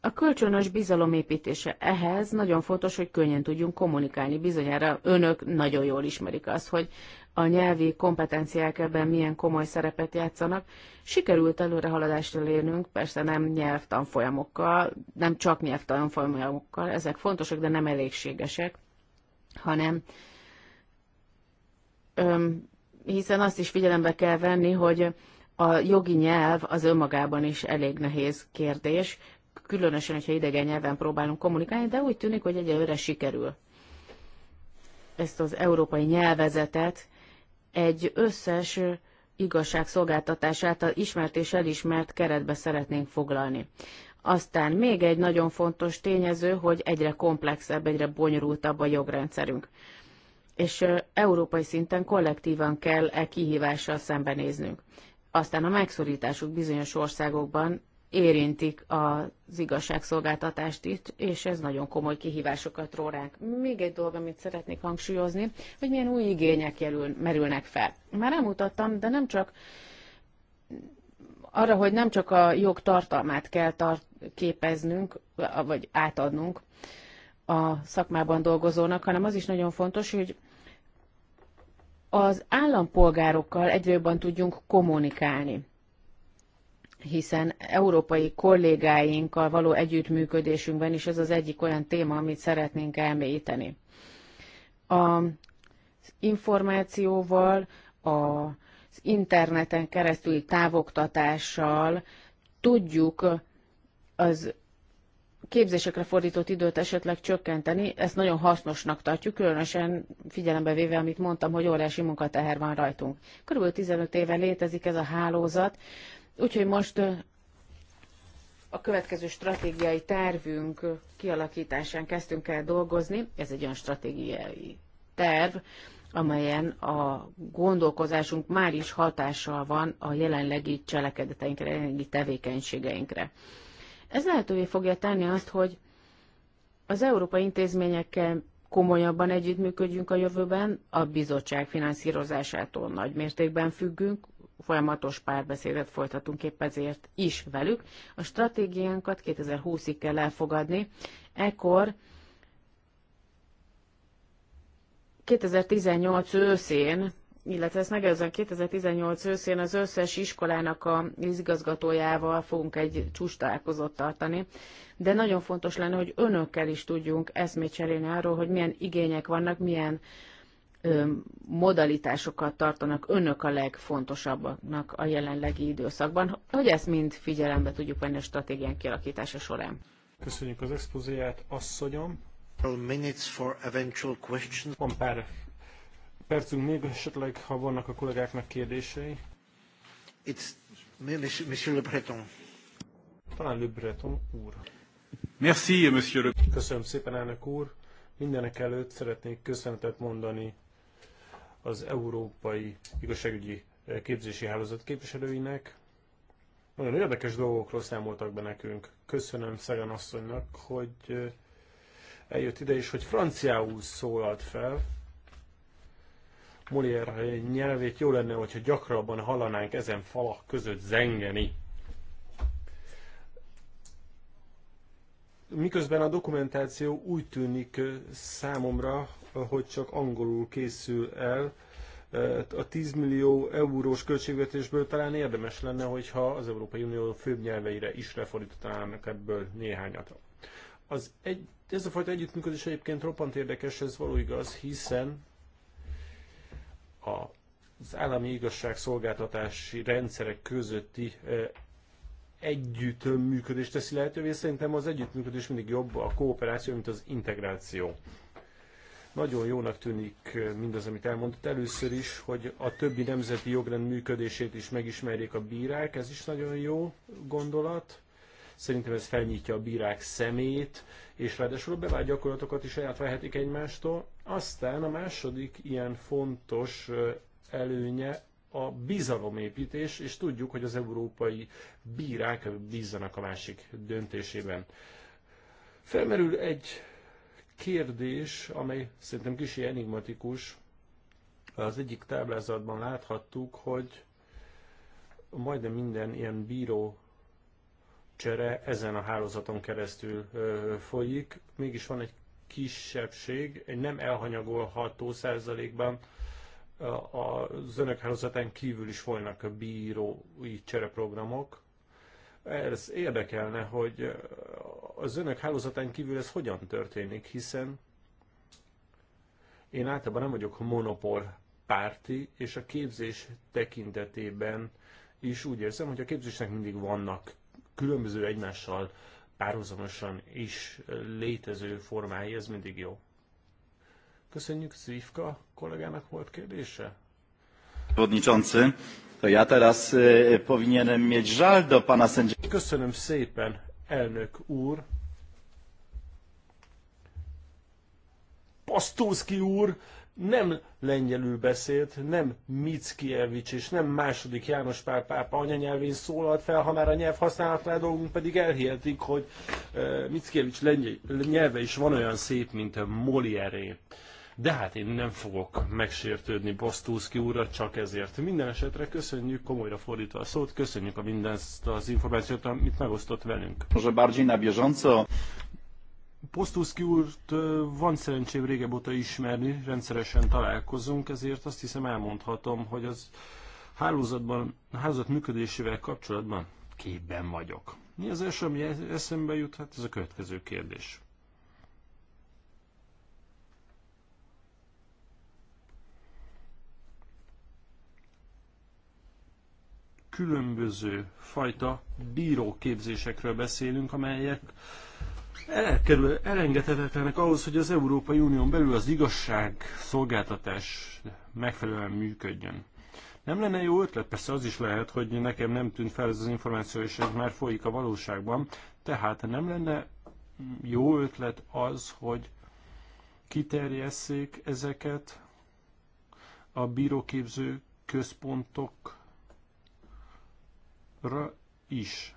a kölcsönös bizalom építése ehhez nagyon fontos, hogy könnyen tudjunk kommunikálni. Bizonyára önök nagyon jól ismerik azt, hogy a nyelvi kompetenciák ebben milyen komoly szerepet játszanak. Sikerült előrehaladást elérnünk, persze nem nyelvtanfolyamokkal, nem csak nyelvtanfolyamokkal, ezek fontosak, de nem elégségesek, hanem öm, hiszen azt is figyelembe kell venni, hogy a jogi nyelv az önmagában is elég nehéz kérdés, különösen, hogyha idegen nyelven próbálunk kommunikálni, de úgy tűnik, hogy egyelőre sikerül ezt az európai nyelvezetet egy összes igazságszolgáltatás által ismert és elismert keretbe szeretnénk foglalni. Aztán még egy nagyon fontos tényező, hogy egyre komplexebb, egyre bonyolultabb a jogrendszerünk. És európai szinten kollektívan kell e kihívással szembenéznünk. Aztán a megszorításuk bizonyos országokban érintik az igazságszolgáltatást itt, és ez nagyon komoly kihívásokat ró ránk. Még egy dolog, amit szeretnék hangsúlyozni, hogy milyen új igények jelül, merülnek fel. Már elmutattam, de nem csak arra, hogy nem csak a jog tartalmát kell tart, képeznünk, vagy átadnunk a szakmában dolgozónak, hanem az is nagyon fontos, hogy az állampolgárokkal egyre jobban tudjunk kommunikálni hiszen európai kollégáinkkal való együttműködésünkben is ez az egyik olyan téma, amit szeretnénk elmélyíteni. A információval, az interneten keresztüli távoktatással tudjuk az képzésekre fordított időt esetleg csökkenteni, ezt nagyon hasznosnak tartjuk, különösen figyelembe véve, amit mondtam, hogy óriási munkateher van rajtunk. Körülbelül 15 éve létezik ez a hálózat, Úgyhogy most a következő stratégiai tervünk kialakításán kezdtünk el dolgozni. Ez egy olyan stratégiai terv, amelyen a gondolkozásunk már is hatással van a jelenlegi cselekedeteinkre, jelenlegi tevékenységeinkre. Ez lehetővé fogja tenni azt, hogy az európai intézményekkel komolyabban együttműködjünk a jövőben, a bizottság finanszírozásától nagy mértékben függünk, folyamatos párbeszédet folytatunk épp ezért is velük. A stratégiánkat 2020-ig kell elfogadni, ekkor 2018 őszén, illetve ezt megelőzően 2018 őszén az összes iskolának a igazgatójával fogunk egy csústálkozót tartani, de nagyon fontos lenne, hogy önökkel is tudjunk eszmét cserélni arról, hogy milyen igények vannak, milyen uh, modalitásokat tartanak önök a legfontosabbaknak a jelenlegi időszakban, hogy ezt mind figyelembe tudjuk venni a stratégián kialakítása során. Köszönjük az expozíját, asszonyom. Van pár percünk még esetleg, ha vannak a kollégáknak kérdései. It's Monsieur Le Breton. Talán Le Breton úr. Merci, Monsieur Le Köszönöm szépen, elnök úr. Mindenek előtt szeretnék köszönetet mondani az Európai Igazságügyi eh, Képzési Hálózat képviselőinek. Nagyon érdekes dolgokról számoltak be nekünk. Köszönöm Szegen asszonynak, hogy eh, eljött ide, és hogy franciául szólalt fel. Molière nyelvét jó lenne, hogyha gyakrabban hallanánk ezen falak között zengeni. Miközben a dokumentáció úgy tűnik eh, számomra, hogy csak angolul készül el. A 10 millió eurós költségvetésből talán érdemes lenne, hogyha az Európai Unió főbb nyelveire is lefordítanának ebből néhányat. Az egy, ez a fajta együttműködés egyébként roppant érdekes, ez való igaz, hiszen a az állami igazságszolgáltatási rendszerek közötti együttműködés teszi lehetővé. Szerintem az együttműködés mindig jobb a kooperáció, mint az integráció. Nagyon jónak tűnik mindaz, amit elmondott. Először is, hogy a többi nemzeti jogrend működését is megismerjék a bírák, ez is nagyon jó gondolat. Szerintem ez felnyitja a bírák szemét, és ráadásul bevált gyakorlatokat is elátvehetik egymástól. Aztán a második ilyen fontos előnye a bizalomépítés, és tudjuk, hogy az európai bírák bízzanak a másik döntésében. Felmerül egy kérdés, amely szerintem kicsi enigmatikus. Az egyik táblázatban láthattuk, hogy majdnem minden ilyen bíró csere ezen a hálózaton keresztül folyik, mégis van egy kisebbség, egy nem elhanyagolható százalékban az önök hálózatán kívül is folynak a bírói csereprogramok. Ez érdekelne, hogy az önök hálózatán kívül ez hogyan történik, hiszen én általában nem vagyok monopól párti, és a képzés tekintetében is úgy érzem, hogy a képzésnek mindig vannak különböző egymással párhuzamosan is létező formái, ez mindig jó. Köszönjük, Szívka kollégának volt kérdése? Przewodniczący, to ja teraz e, powinienem mieć żal do pana sędziego. Köszönöm szépen, elnök úr. Pasztulszki úr nem lengyelül beszélt, nem Mickiewicz és nem második János Pál pápa anyanyelvén szólalt fel, ha már a nyelv használatlá dolgunk pedig elhihetik, hogy uh, Mickiewicz nyelve is van olyan szép, mint a Molière. De hát én nem fogok megsértődni Bosztúszki úrra csak ezért. Minden esetre köszönjük, komolyra fordítva a szót, köszönjük a mindezt az információt, amit megosztott velünk. Może bardziej na bieżąco. Posztuszki úrt van szerencsém régebb óta ismerni, rendszeresen találkozunk, ezért azt hiszem elmondhatom, hogy az hálózatban, a hálózat működésével kapcsolatban képben vagyok. Mi az első, ami eszembe jut? Hát ez a következő kérdés. különböző fajta bíróképzésekről beszélünk, amelyek elkerül, elengedhetetlenek ahhoz, hogy az Európai Unión belül az igazság szolgáltatás megfelelően működjön. Nem lenne jó ötlet, persze az is lehet, hogy nekem nem tűnt fel ez az információ, és ez már folyik a valóságban, tehát nem lenne jó ötlet az, hogy kiterjesszék ezeket a bíróképző központok is.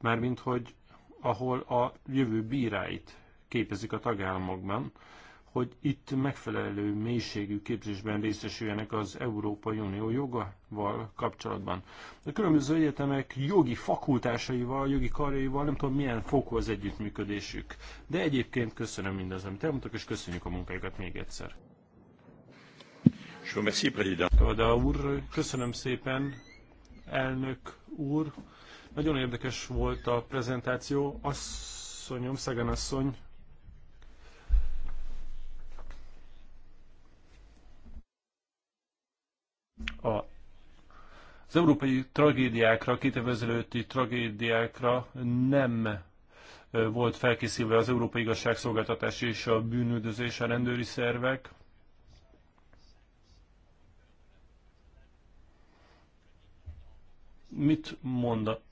Mármint, hogy ahol a jövő bíráit képezik a tagállamokban, hogy itt megfelelő mélységű képzésben részesüljenek az Európai Unió jogaval kapcsolatban. A különböző egyetemek jogi fakultásaival, jogi karjaival nem tudom milyen fokú az együttműködésük. De egyébként köszönöm mindaz, amit elmondtak, és köszönjük a munkájukat még egyszer. Köszönöm szépen elnök úr. Nagyon érdekes volt a prezentáció. Asszonyom, Szegen asszony, a, az európai tragédiákra, két évvel ezelőtti tragédiákra nem volt felkészülve az európai igazságszolgáltatás és a bűnüldözés, a rendőri szervek. Mit mondanak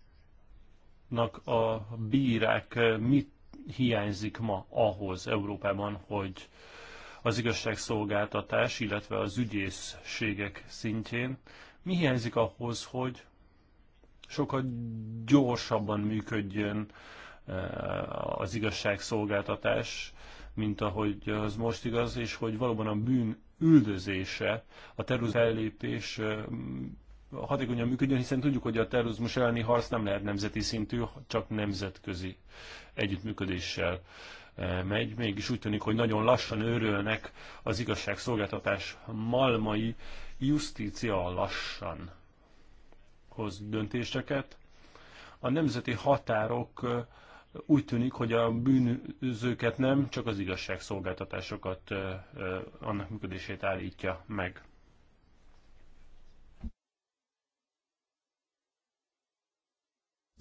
a bírák, mit hiányzik ma ahhoz Európában, hogy az igazságszolgáltatás, illetve az ügyészségek szintjén mi hiányzik ahhoz, hogy sokkal gyorsabban működjön eh, az igazságszolgáltatás, mint ahogy az most igaz, és hogy valóban a bűn üldözése, a terror fellépés eh, hatékonyan működjön, hiszen tudjuk, hogy a terrorizmus elleni harc nem lehet nemzeti szintű, csak nemzetközi együttműködéssel eh, megy. Mégis úgy tűnik, hogy nagyon lassan őrölnek az igazságszolgáltatás malmai, justícia lassan hoz döntéseket. A nemzeti határok eh, úgy tűnik, hogy a bűnözőket nem, csak az igazságszolgáltatásokat eh, annak működését állítja meg.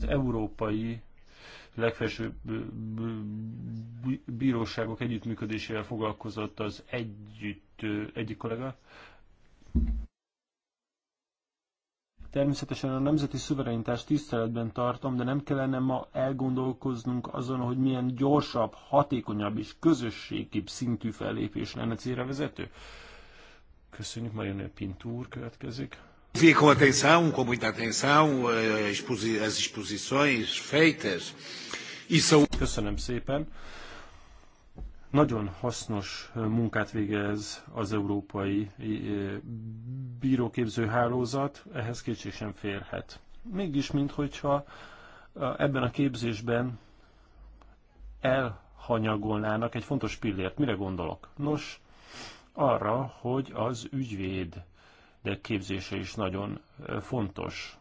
európai legfelsőbb bíróságok együttműködésével foglalkozott az együtt, egyik kollega. Természetesen a nemzeti szuverenitást tiszteletben tartom, de nem kellene ma elgondolkoznunk azon, hogy milyen gyorsabb, hatékonyabb és közösségibb szintű fellépés lenne célra vezető. Köszönjük, Marianne Pintúr következik. Vi com atenção, com muita atenção, eh, as exposições feitas e são... Köszönöm szépen. Nagyon hasznos eh, munkát végez az Európai eh, Bíróképző Hálózat, ehhez kétség sem férhet. Mégis, minthogyha ebben a képzésben elhanyagolnának egy fontos pillért. Mire gondolok? Nos, arra, hogy az ügyvéd de képzése is nagyon fontos.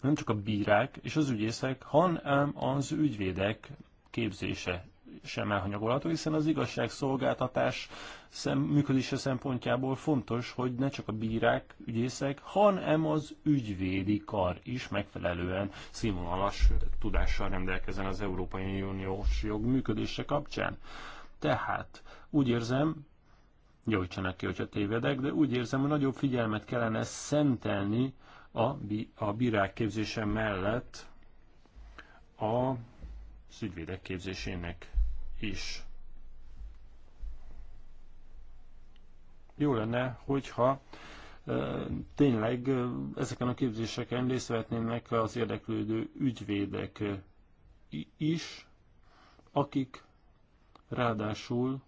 Nem csak a bírák és az ügyészek, hanem az ügyvédek képzése sem elhanyagolható, hiszen az igazságszolgáltatás szem, működése szempontjából fontos, hogy ne csak a bírák, ügyészek, hanem az ügyvédi kar is megfelelően színvonalas tudással rendelkezzen az Európai Uniós jog működése kapcsán. Tehát úgy érzem, gyógytsanak ki, hogyha tévedek, de úgy érzem, hogy nagyobb figyelmet kellene szentelni a, a bírák képzése mellett a ügyvédek képzésének is. Jó lenne, hogyha tényleg ezeken a képzéseken részt vehetnének az érdeklődő ügyvédek is, akik ráadásul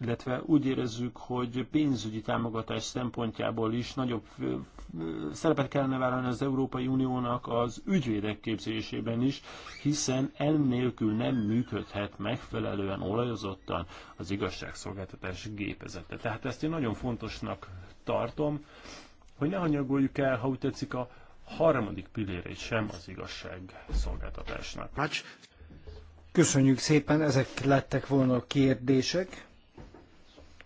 illetve úgy érezzük, hogy pénzügyi támogatás szempontjából is nagyobb szerepet kellene vállalni az Európai Uniónak az ügyvédek képzésében is, hiszen ennélkül nem működhet megfelelően olajozottan az igazságszolgáltatás gépezete. Tehát ezt én nagyon fontosnak tartom, hogy ne hanyagoljuk el, ha úgy tetszik, a harmadik pillérét sem az igazságszolgáltatásnak. Köszönjük szépen, ezek lettek volna a kérdések.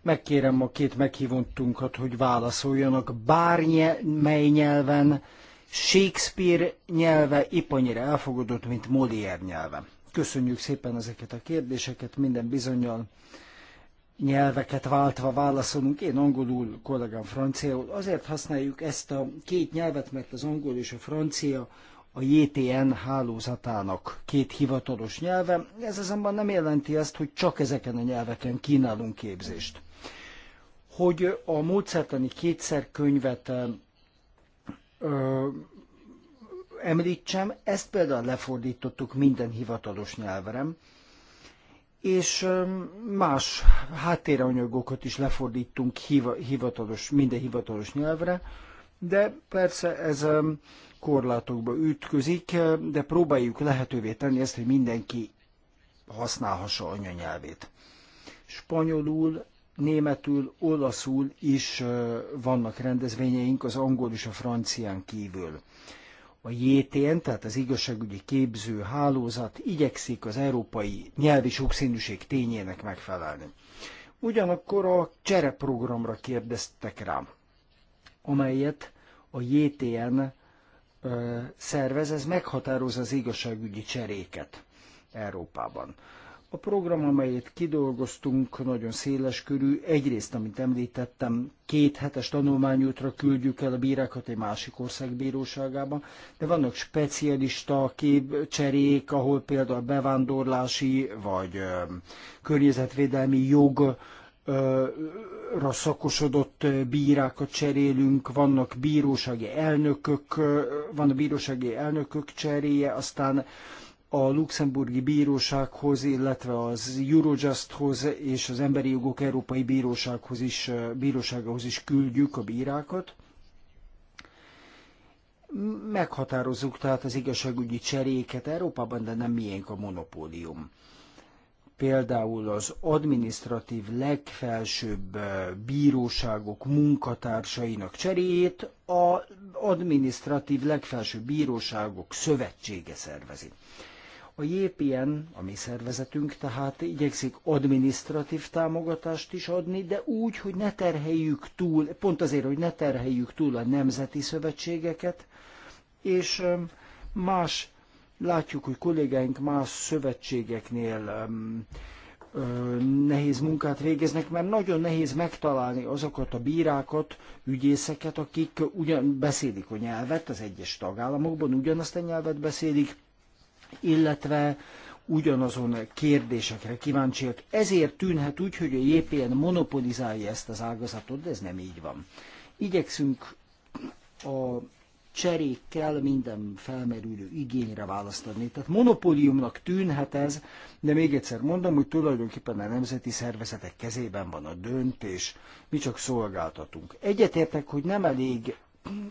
Megkérem a két meghívottunkat, hogy válaszoljanak bármely nyelven, Shakespeare nyelve épp annyira elfogadott, mint Molière nyelve. Köszönjük szépen ezeket a kérdéseket, minden bizonyal nyelveket váltva válaszolunk. Én angolul, kollégám franciául. Azért használjuk ezt a két nyelvet, mert az angol és a francia a JTN hálózatának két hivatalos nyelve. Ez azonban nem jelenti azt, hogy csak ezeken a nyelveken kínálunk képzést hogy a módszertani kétszer könyvet ö, említsem, ezt például lefordítottuk minden hivatalos nyelvre, és más háttéranyagokat is lefordítunk hivatalos, minden hivatalos nyelvre, de persze ez korlátokba ütközik, de próbáljuk lehetővé tenni ezt, hogy mindenki használhassa anyanyelvét. Spanyolul németül, olaszul is vannak rendezvényeink az angol és a francián kívül. A JTN, tehát az igazságügyi képző hálózat igyekszik az európai nyelvi sokszínűség tényének megfelelni. Ugyanakkor a csereprogramra kérdeztek rám, amelyet a JTN szervez, ez meghatározza az igazságügyi cseréket Európában. A program, amelyet kidolgoztunk, nagyon széles körű. Egyrészt, amit említettem, két hetes tanulmányútra küldjük el a bírákat egy másik ország bíróságába, de vannak specialista képcserék, ahol például bevándorlási vagy ö, környezetvédelmi jog szakosodott bírákat cserélünk, vannak bírósági elnökök, van a bírósági elnökök cseréje, aztán a luxemburgi bírósághoz, illetve az Eurojusthoz és az Emberi Jogok Európai Bírósághoz is, bíróságához is küldjük a bírákat. Meghatározzuk tehát az igazságügyi cseréket Európában, de nem miénk a monopólium például az administratív legfelsőbb bíróságok munkatársainak cseréjét a administratív legfelsőbb bíróságok szövetsége szervezi. A JPN, a mi szervezetünk tehát igyekszik administratív támogatást is adni, de úgy, hogy ne terheljük túl, pont azért, hogy ne terheljük túl a nemzeti szövetségeket, és más, látjuk, hogy kollégáink más szövetségeknél nehéz munkát végeznek, mert nagyon nehéz megtalálni azokat a bírákat, ügyészeket, akik ugyan beszélik a nyelvet az egyes tagállamokban, ugyanazt a nyelvet beszélik, illetve ugyanazon kérdésekre kíváncsiak. Ezért tűnhet úgy, hogy a JPN monopolizálja ezt az ágazatot, de ez nem így van. Igyekszünk a cserékkel minden felmerülő igényre választ adni. Tehát monopóliumnak tűnhet ez, de még egyszer mondom, hogy tulajdonképpen a nemzeti szervezetek kezében van a döntés, mi csak szolgáltatunk. Egyetértek, hogy nem elég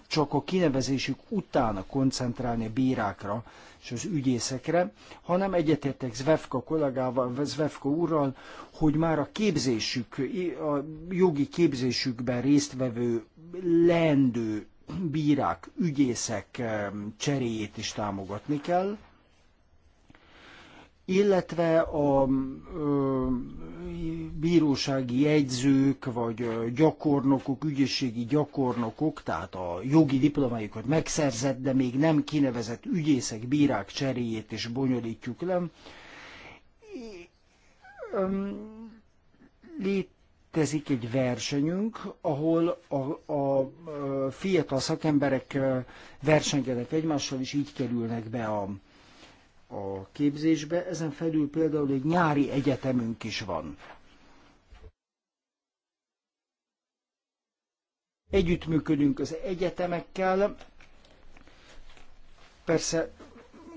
csak a kinevezésük utána koncentrálni a bírákra és az ügyészekre, hanem egyetértek Zvefka kollégával, Zvefka úrral, hogy már a képzésük, a jogi képzésükben résztvevő leendő bírák, ügyészek eh, cseréjét is támogatni kell, illetve a bírósági jegyzők, vagy gyakornokok, ügyészségi gyakornokok, tehát a jogi diplomájukat megszerzett, de még nem kinevezett ügyészek, bírák cseréjét is bonyolítjuk le. Létezik egy versenyünk, ahol a, a fiatal szakemberek versengenek egymással, és így kerülnek be a a képzésbe, ezen felül például egy nyári egyetemünk is van. Együttműködünk az egyetemekkel, persze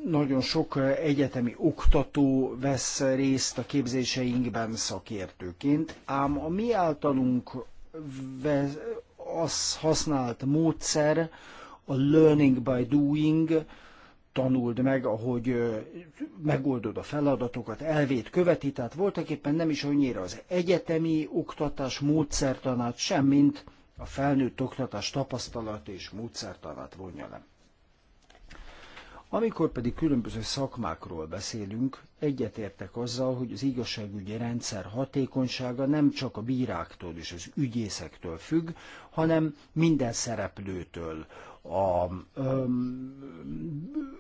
nagyon sok egyetemi oktató vesz részt a képzéseinkben szakértőként, ám a mi általunk az használt módszer, a learning by doing, tanuld meg, ahogy megoldod a feladatokat, elvét követi, tehát voltak éppen nem is annyira az egyetemi oktatás módszertanát sem, mint a felnőtt oktatás tapasztalat és módszertanát vonja le. Amikor pedig különböző szakmákról beszélünk, egyetértek azzal, hogy az igazságügyi rendszer hatékonysága nem csak a bíráktól és az ügyészektől függ, hanem minden szereplőtől, a um,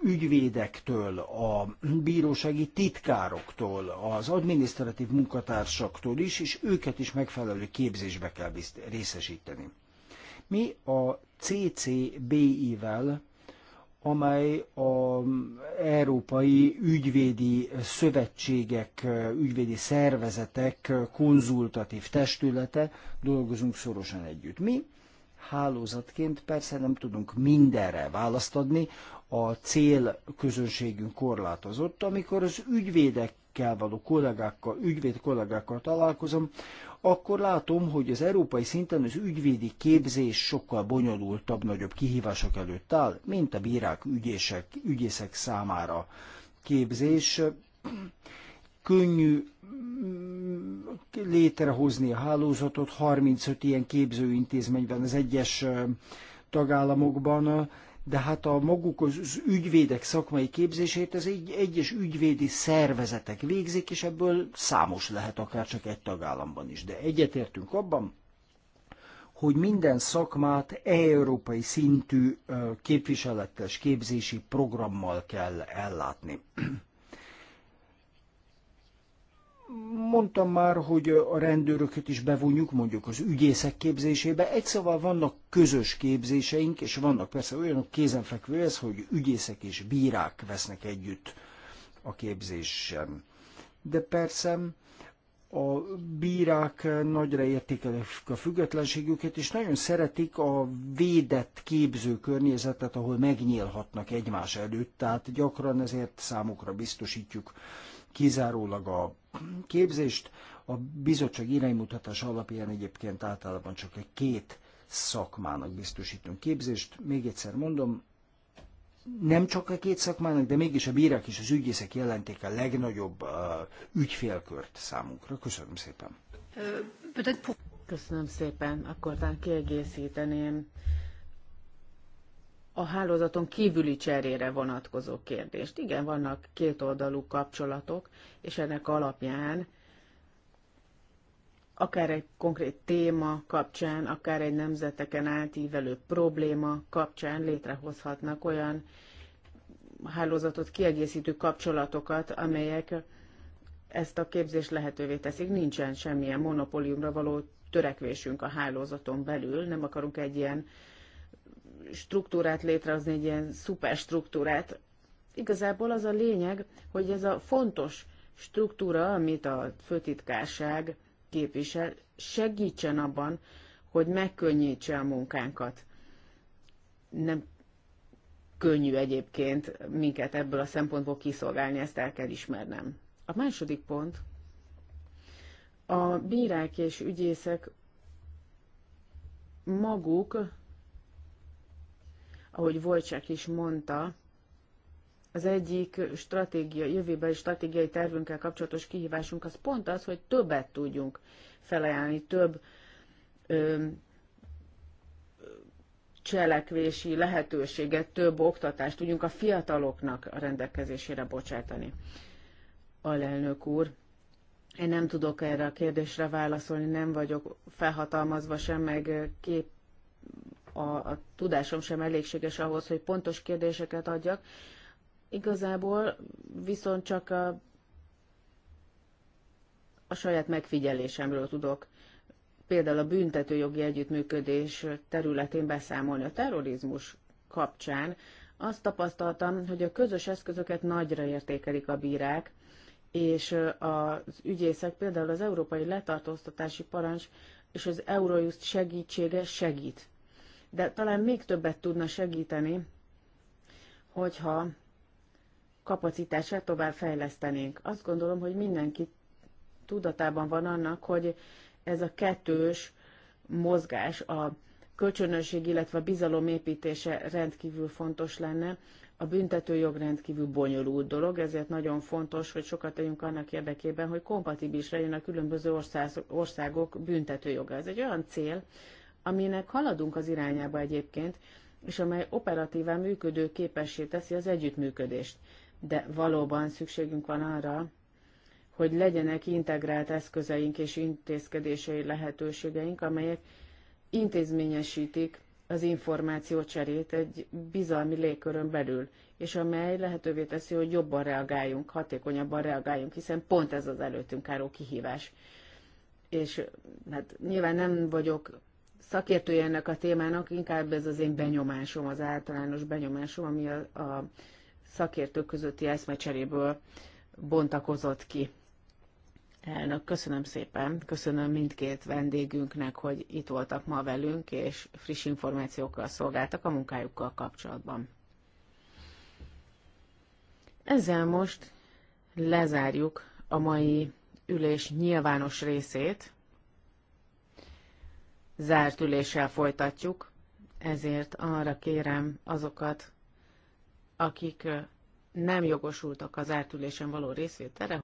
ügyvédektől, a bírósági titkároktól, az adminisztratív munkatársaktól is, és őket is megfelelő képzésbe kell részesíteni. Mi a CCBI-vel, amely az Európai Ügyvédi Szövetségek, ügyvédi szervezetek konzultatív testülete, dolgozunk szorosan együtt. Mi hálózatként persze nem tudunk mindenre választ adni, a cél közönségünk korlátozott. Amikor az ügyvédekkel való kollégákkal, ügyvéd kollégákkal találkozom, akkor látom, hogy az európai szinten az ügyvédi képzés sokkal bonyolultabb, nagyobb kihívások előtt áll, mint a bírák, ügyések, ügyészek számára képzés könnyű létrehozni a hálózatot, 35 ilyen képzőintézményben az egyes tagállamokban, de hát a maguk az ügyvédek szakmai képzését az egy, egyes ügyvédi szervezetek végzik, és ebből számos lehet akár csak egy tagállamban is. De egyetértünk abban, hogy minden szakmát európai szintű képviselettes képzési programmal kell ellátni. Mondtam már, hogy a rendőröket is bevonjuk, mondjuk az ügyészek képzésébe. Egy szóval vannak közös képzéseink, és vannak persze olyanok kézenfekvő ez, hogy ügyészek és bírák vesznek együtt a képzésen. De persze a bírák nagyra értékelik a függetlenségüket, és nagyon szeretik a védett környezetet, ahol megnyílhatnak egymás előtt, tehát gyakran ezért számukra biztosítjuk kizárólag a képzést. A bizottság iránymutatása alapján egyébként általában csak egy két szakmának biztosítunk képzést. Még egyszer mondom, nem csak a két szakmának, de mégis a bírák és az ügyészek jelenték a legnagyobb uh, ügyfélkört számunkra. Köszönöm szépen. Köszönöm szépen. Akkor talán kiegészíteném a hálózaton kívüli cserére vonatkozó kérdést. Igen, vannak kétoldalú kapcsolatok, és ennek alapján akár egy konkrét téma kapcsán, akár egy nemzeteken átívelő probléma kapcsán létrehozhatnak olyan hálózatot kiegészítő kapcsolatokat, amelyek ezt a képzést lehetővé teszik. Nincsen semmilyen monopóliumra való törekvésünk a hálózaton belül, nem akarunk egy ilyen struktúrát létrehozni, egy ilyen struktúrát. Igazából az a lényeg, hogy ez a fontos struktúra, amit a főtitkárság képvisel, segítsen abban, hogy megkönnyítse a munkánkat. Nem könnyű egyébként minket ebből a szempontból kiszolgálni, ezt el kell ismernem. A második pont, a bírák és ügyészek maguk ahogy Volcsák is mondta, az egyik stratégia, jövőbeli stratégiai tervünkkel kapcsolatos kihívásunk az pont az, hogy többet tudjunk felajánlni, több ö, cselekvési lehetőséget, több oktatást tudjunk a fiataloknak a rendelkezésére bocsátani. Alelnök úr, én nem tudok erre a kérdésre válaszolni, nem vagyok felhatalmazva sem, meg kép a, a tudásom sem elégséges ahhoz, hogy pontos kérdéseket adjak. Igazából viszont csak a, a saját megfigyelésemről tudok például a büntetőjogi együttműködés területén beszámolni a terrorizmus kapcsán, azt tapasztaltam, hogy a közös eszközöket nagyra értékelik a bírák, és az ügyészek például az európai letartóztatási parancs és az Eurojust segítsége segít de talán még többet tudna segíteni, hogyha kapacitását tovább fejlesztenénk. Azt gondolom, hogy mindenki tudatában van annak, hogy ez a kettős mozgás, a kölcsönösség, illetve a bizalom építése rendkívül fontos lenne. A büntetőjog rendkívül bonyolult dolog, ezért nagyon fontos, hogy sokat tegyünk annak érdekében, hogy kompatibilis legyen a különböző országok büntetőjoga. Ez egy olyan cél, aminek haladunk az irányába egyébként, és amely operatíven működő képessé teszi az együttműködést. De valóban szükségünk van arra, hogy legyenek integrált eszközeink és intézkedései lehetőségeink, amelyek intézményesítik az információcserét egy bizalmi légkörön belül, és amely lehetővé teszi, hogy jobban reagáljunk, hatékonyabban reagáljunk, hiszen pont ez az előttünk álló kihívás. És hát nyilván nem vagyok szakértője ennek a témának, inkább ez az én benyomásom, az általános benyomásom, ami a, a szakértők közötti eszmecseréből bontakozott ki. Elnök, köszönöm szépen, köszönöm mindkét vendégünknek, hogy itt voltak ma velünk, és friss információkkal szolgáltak a munkájukkal kapcsolatban. Ezzel most lezárjuk a mai ülés nyilvános részét zárt üléssel folytatjuk, ezért arra kérem azokat, akik nem jogosultak az ártülésen való részvételre,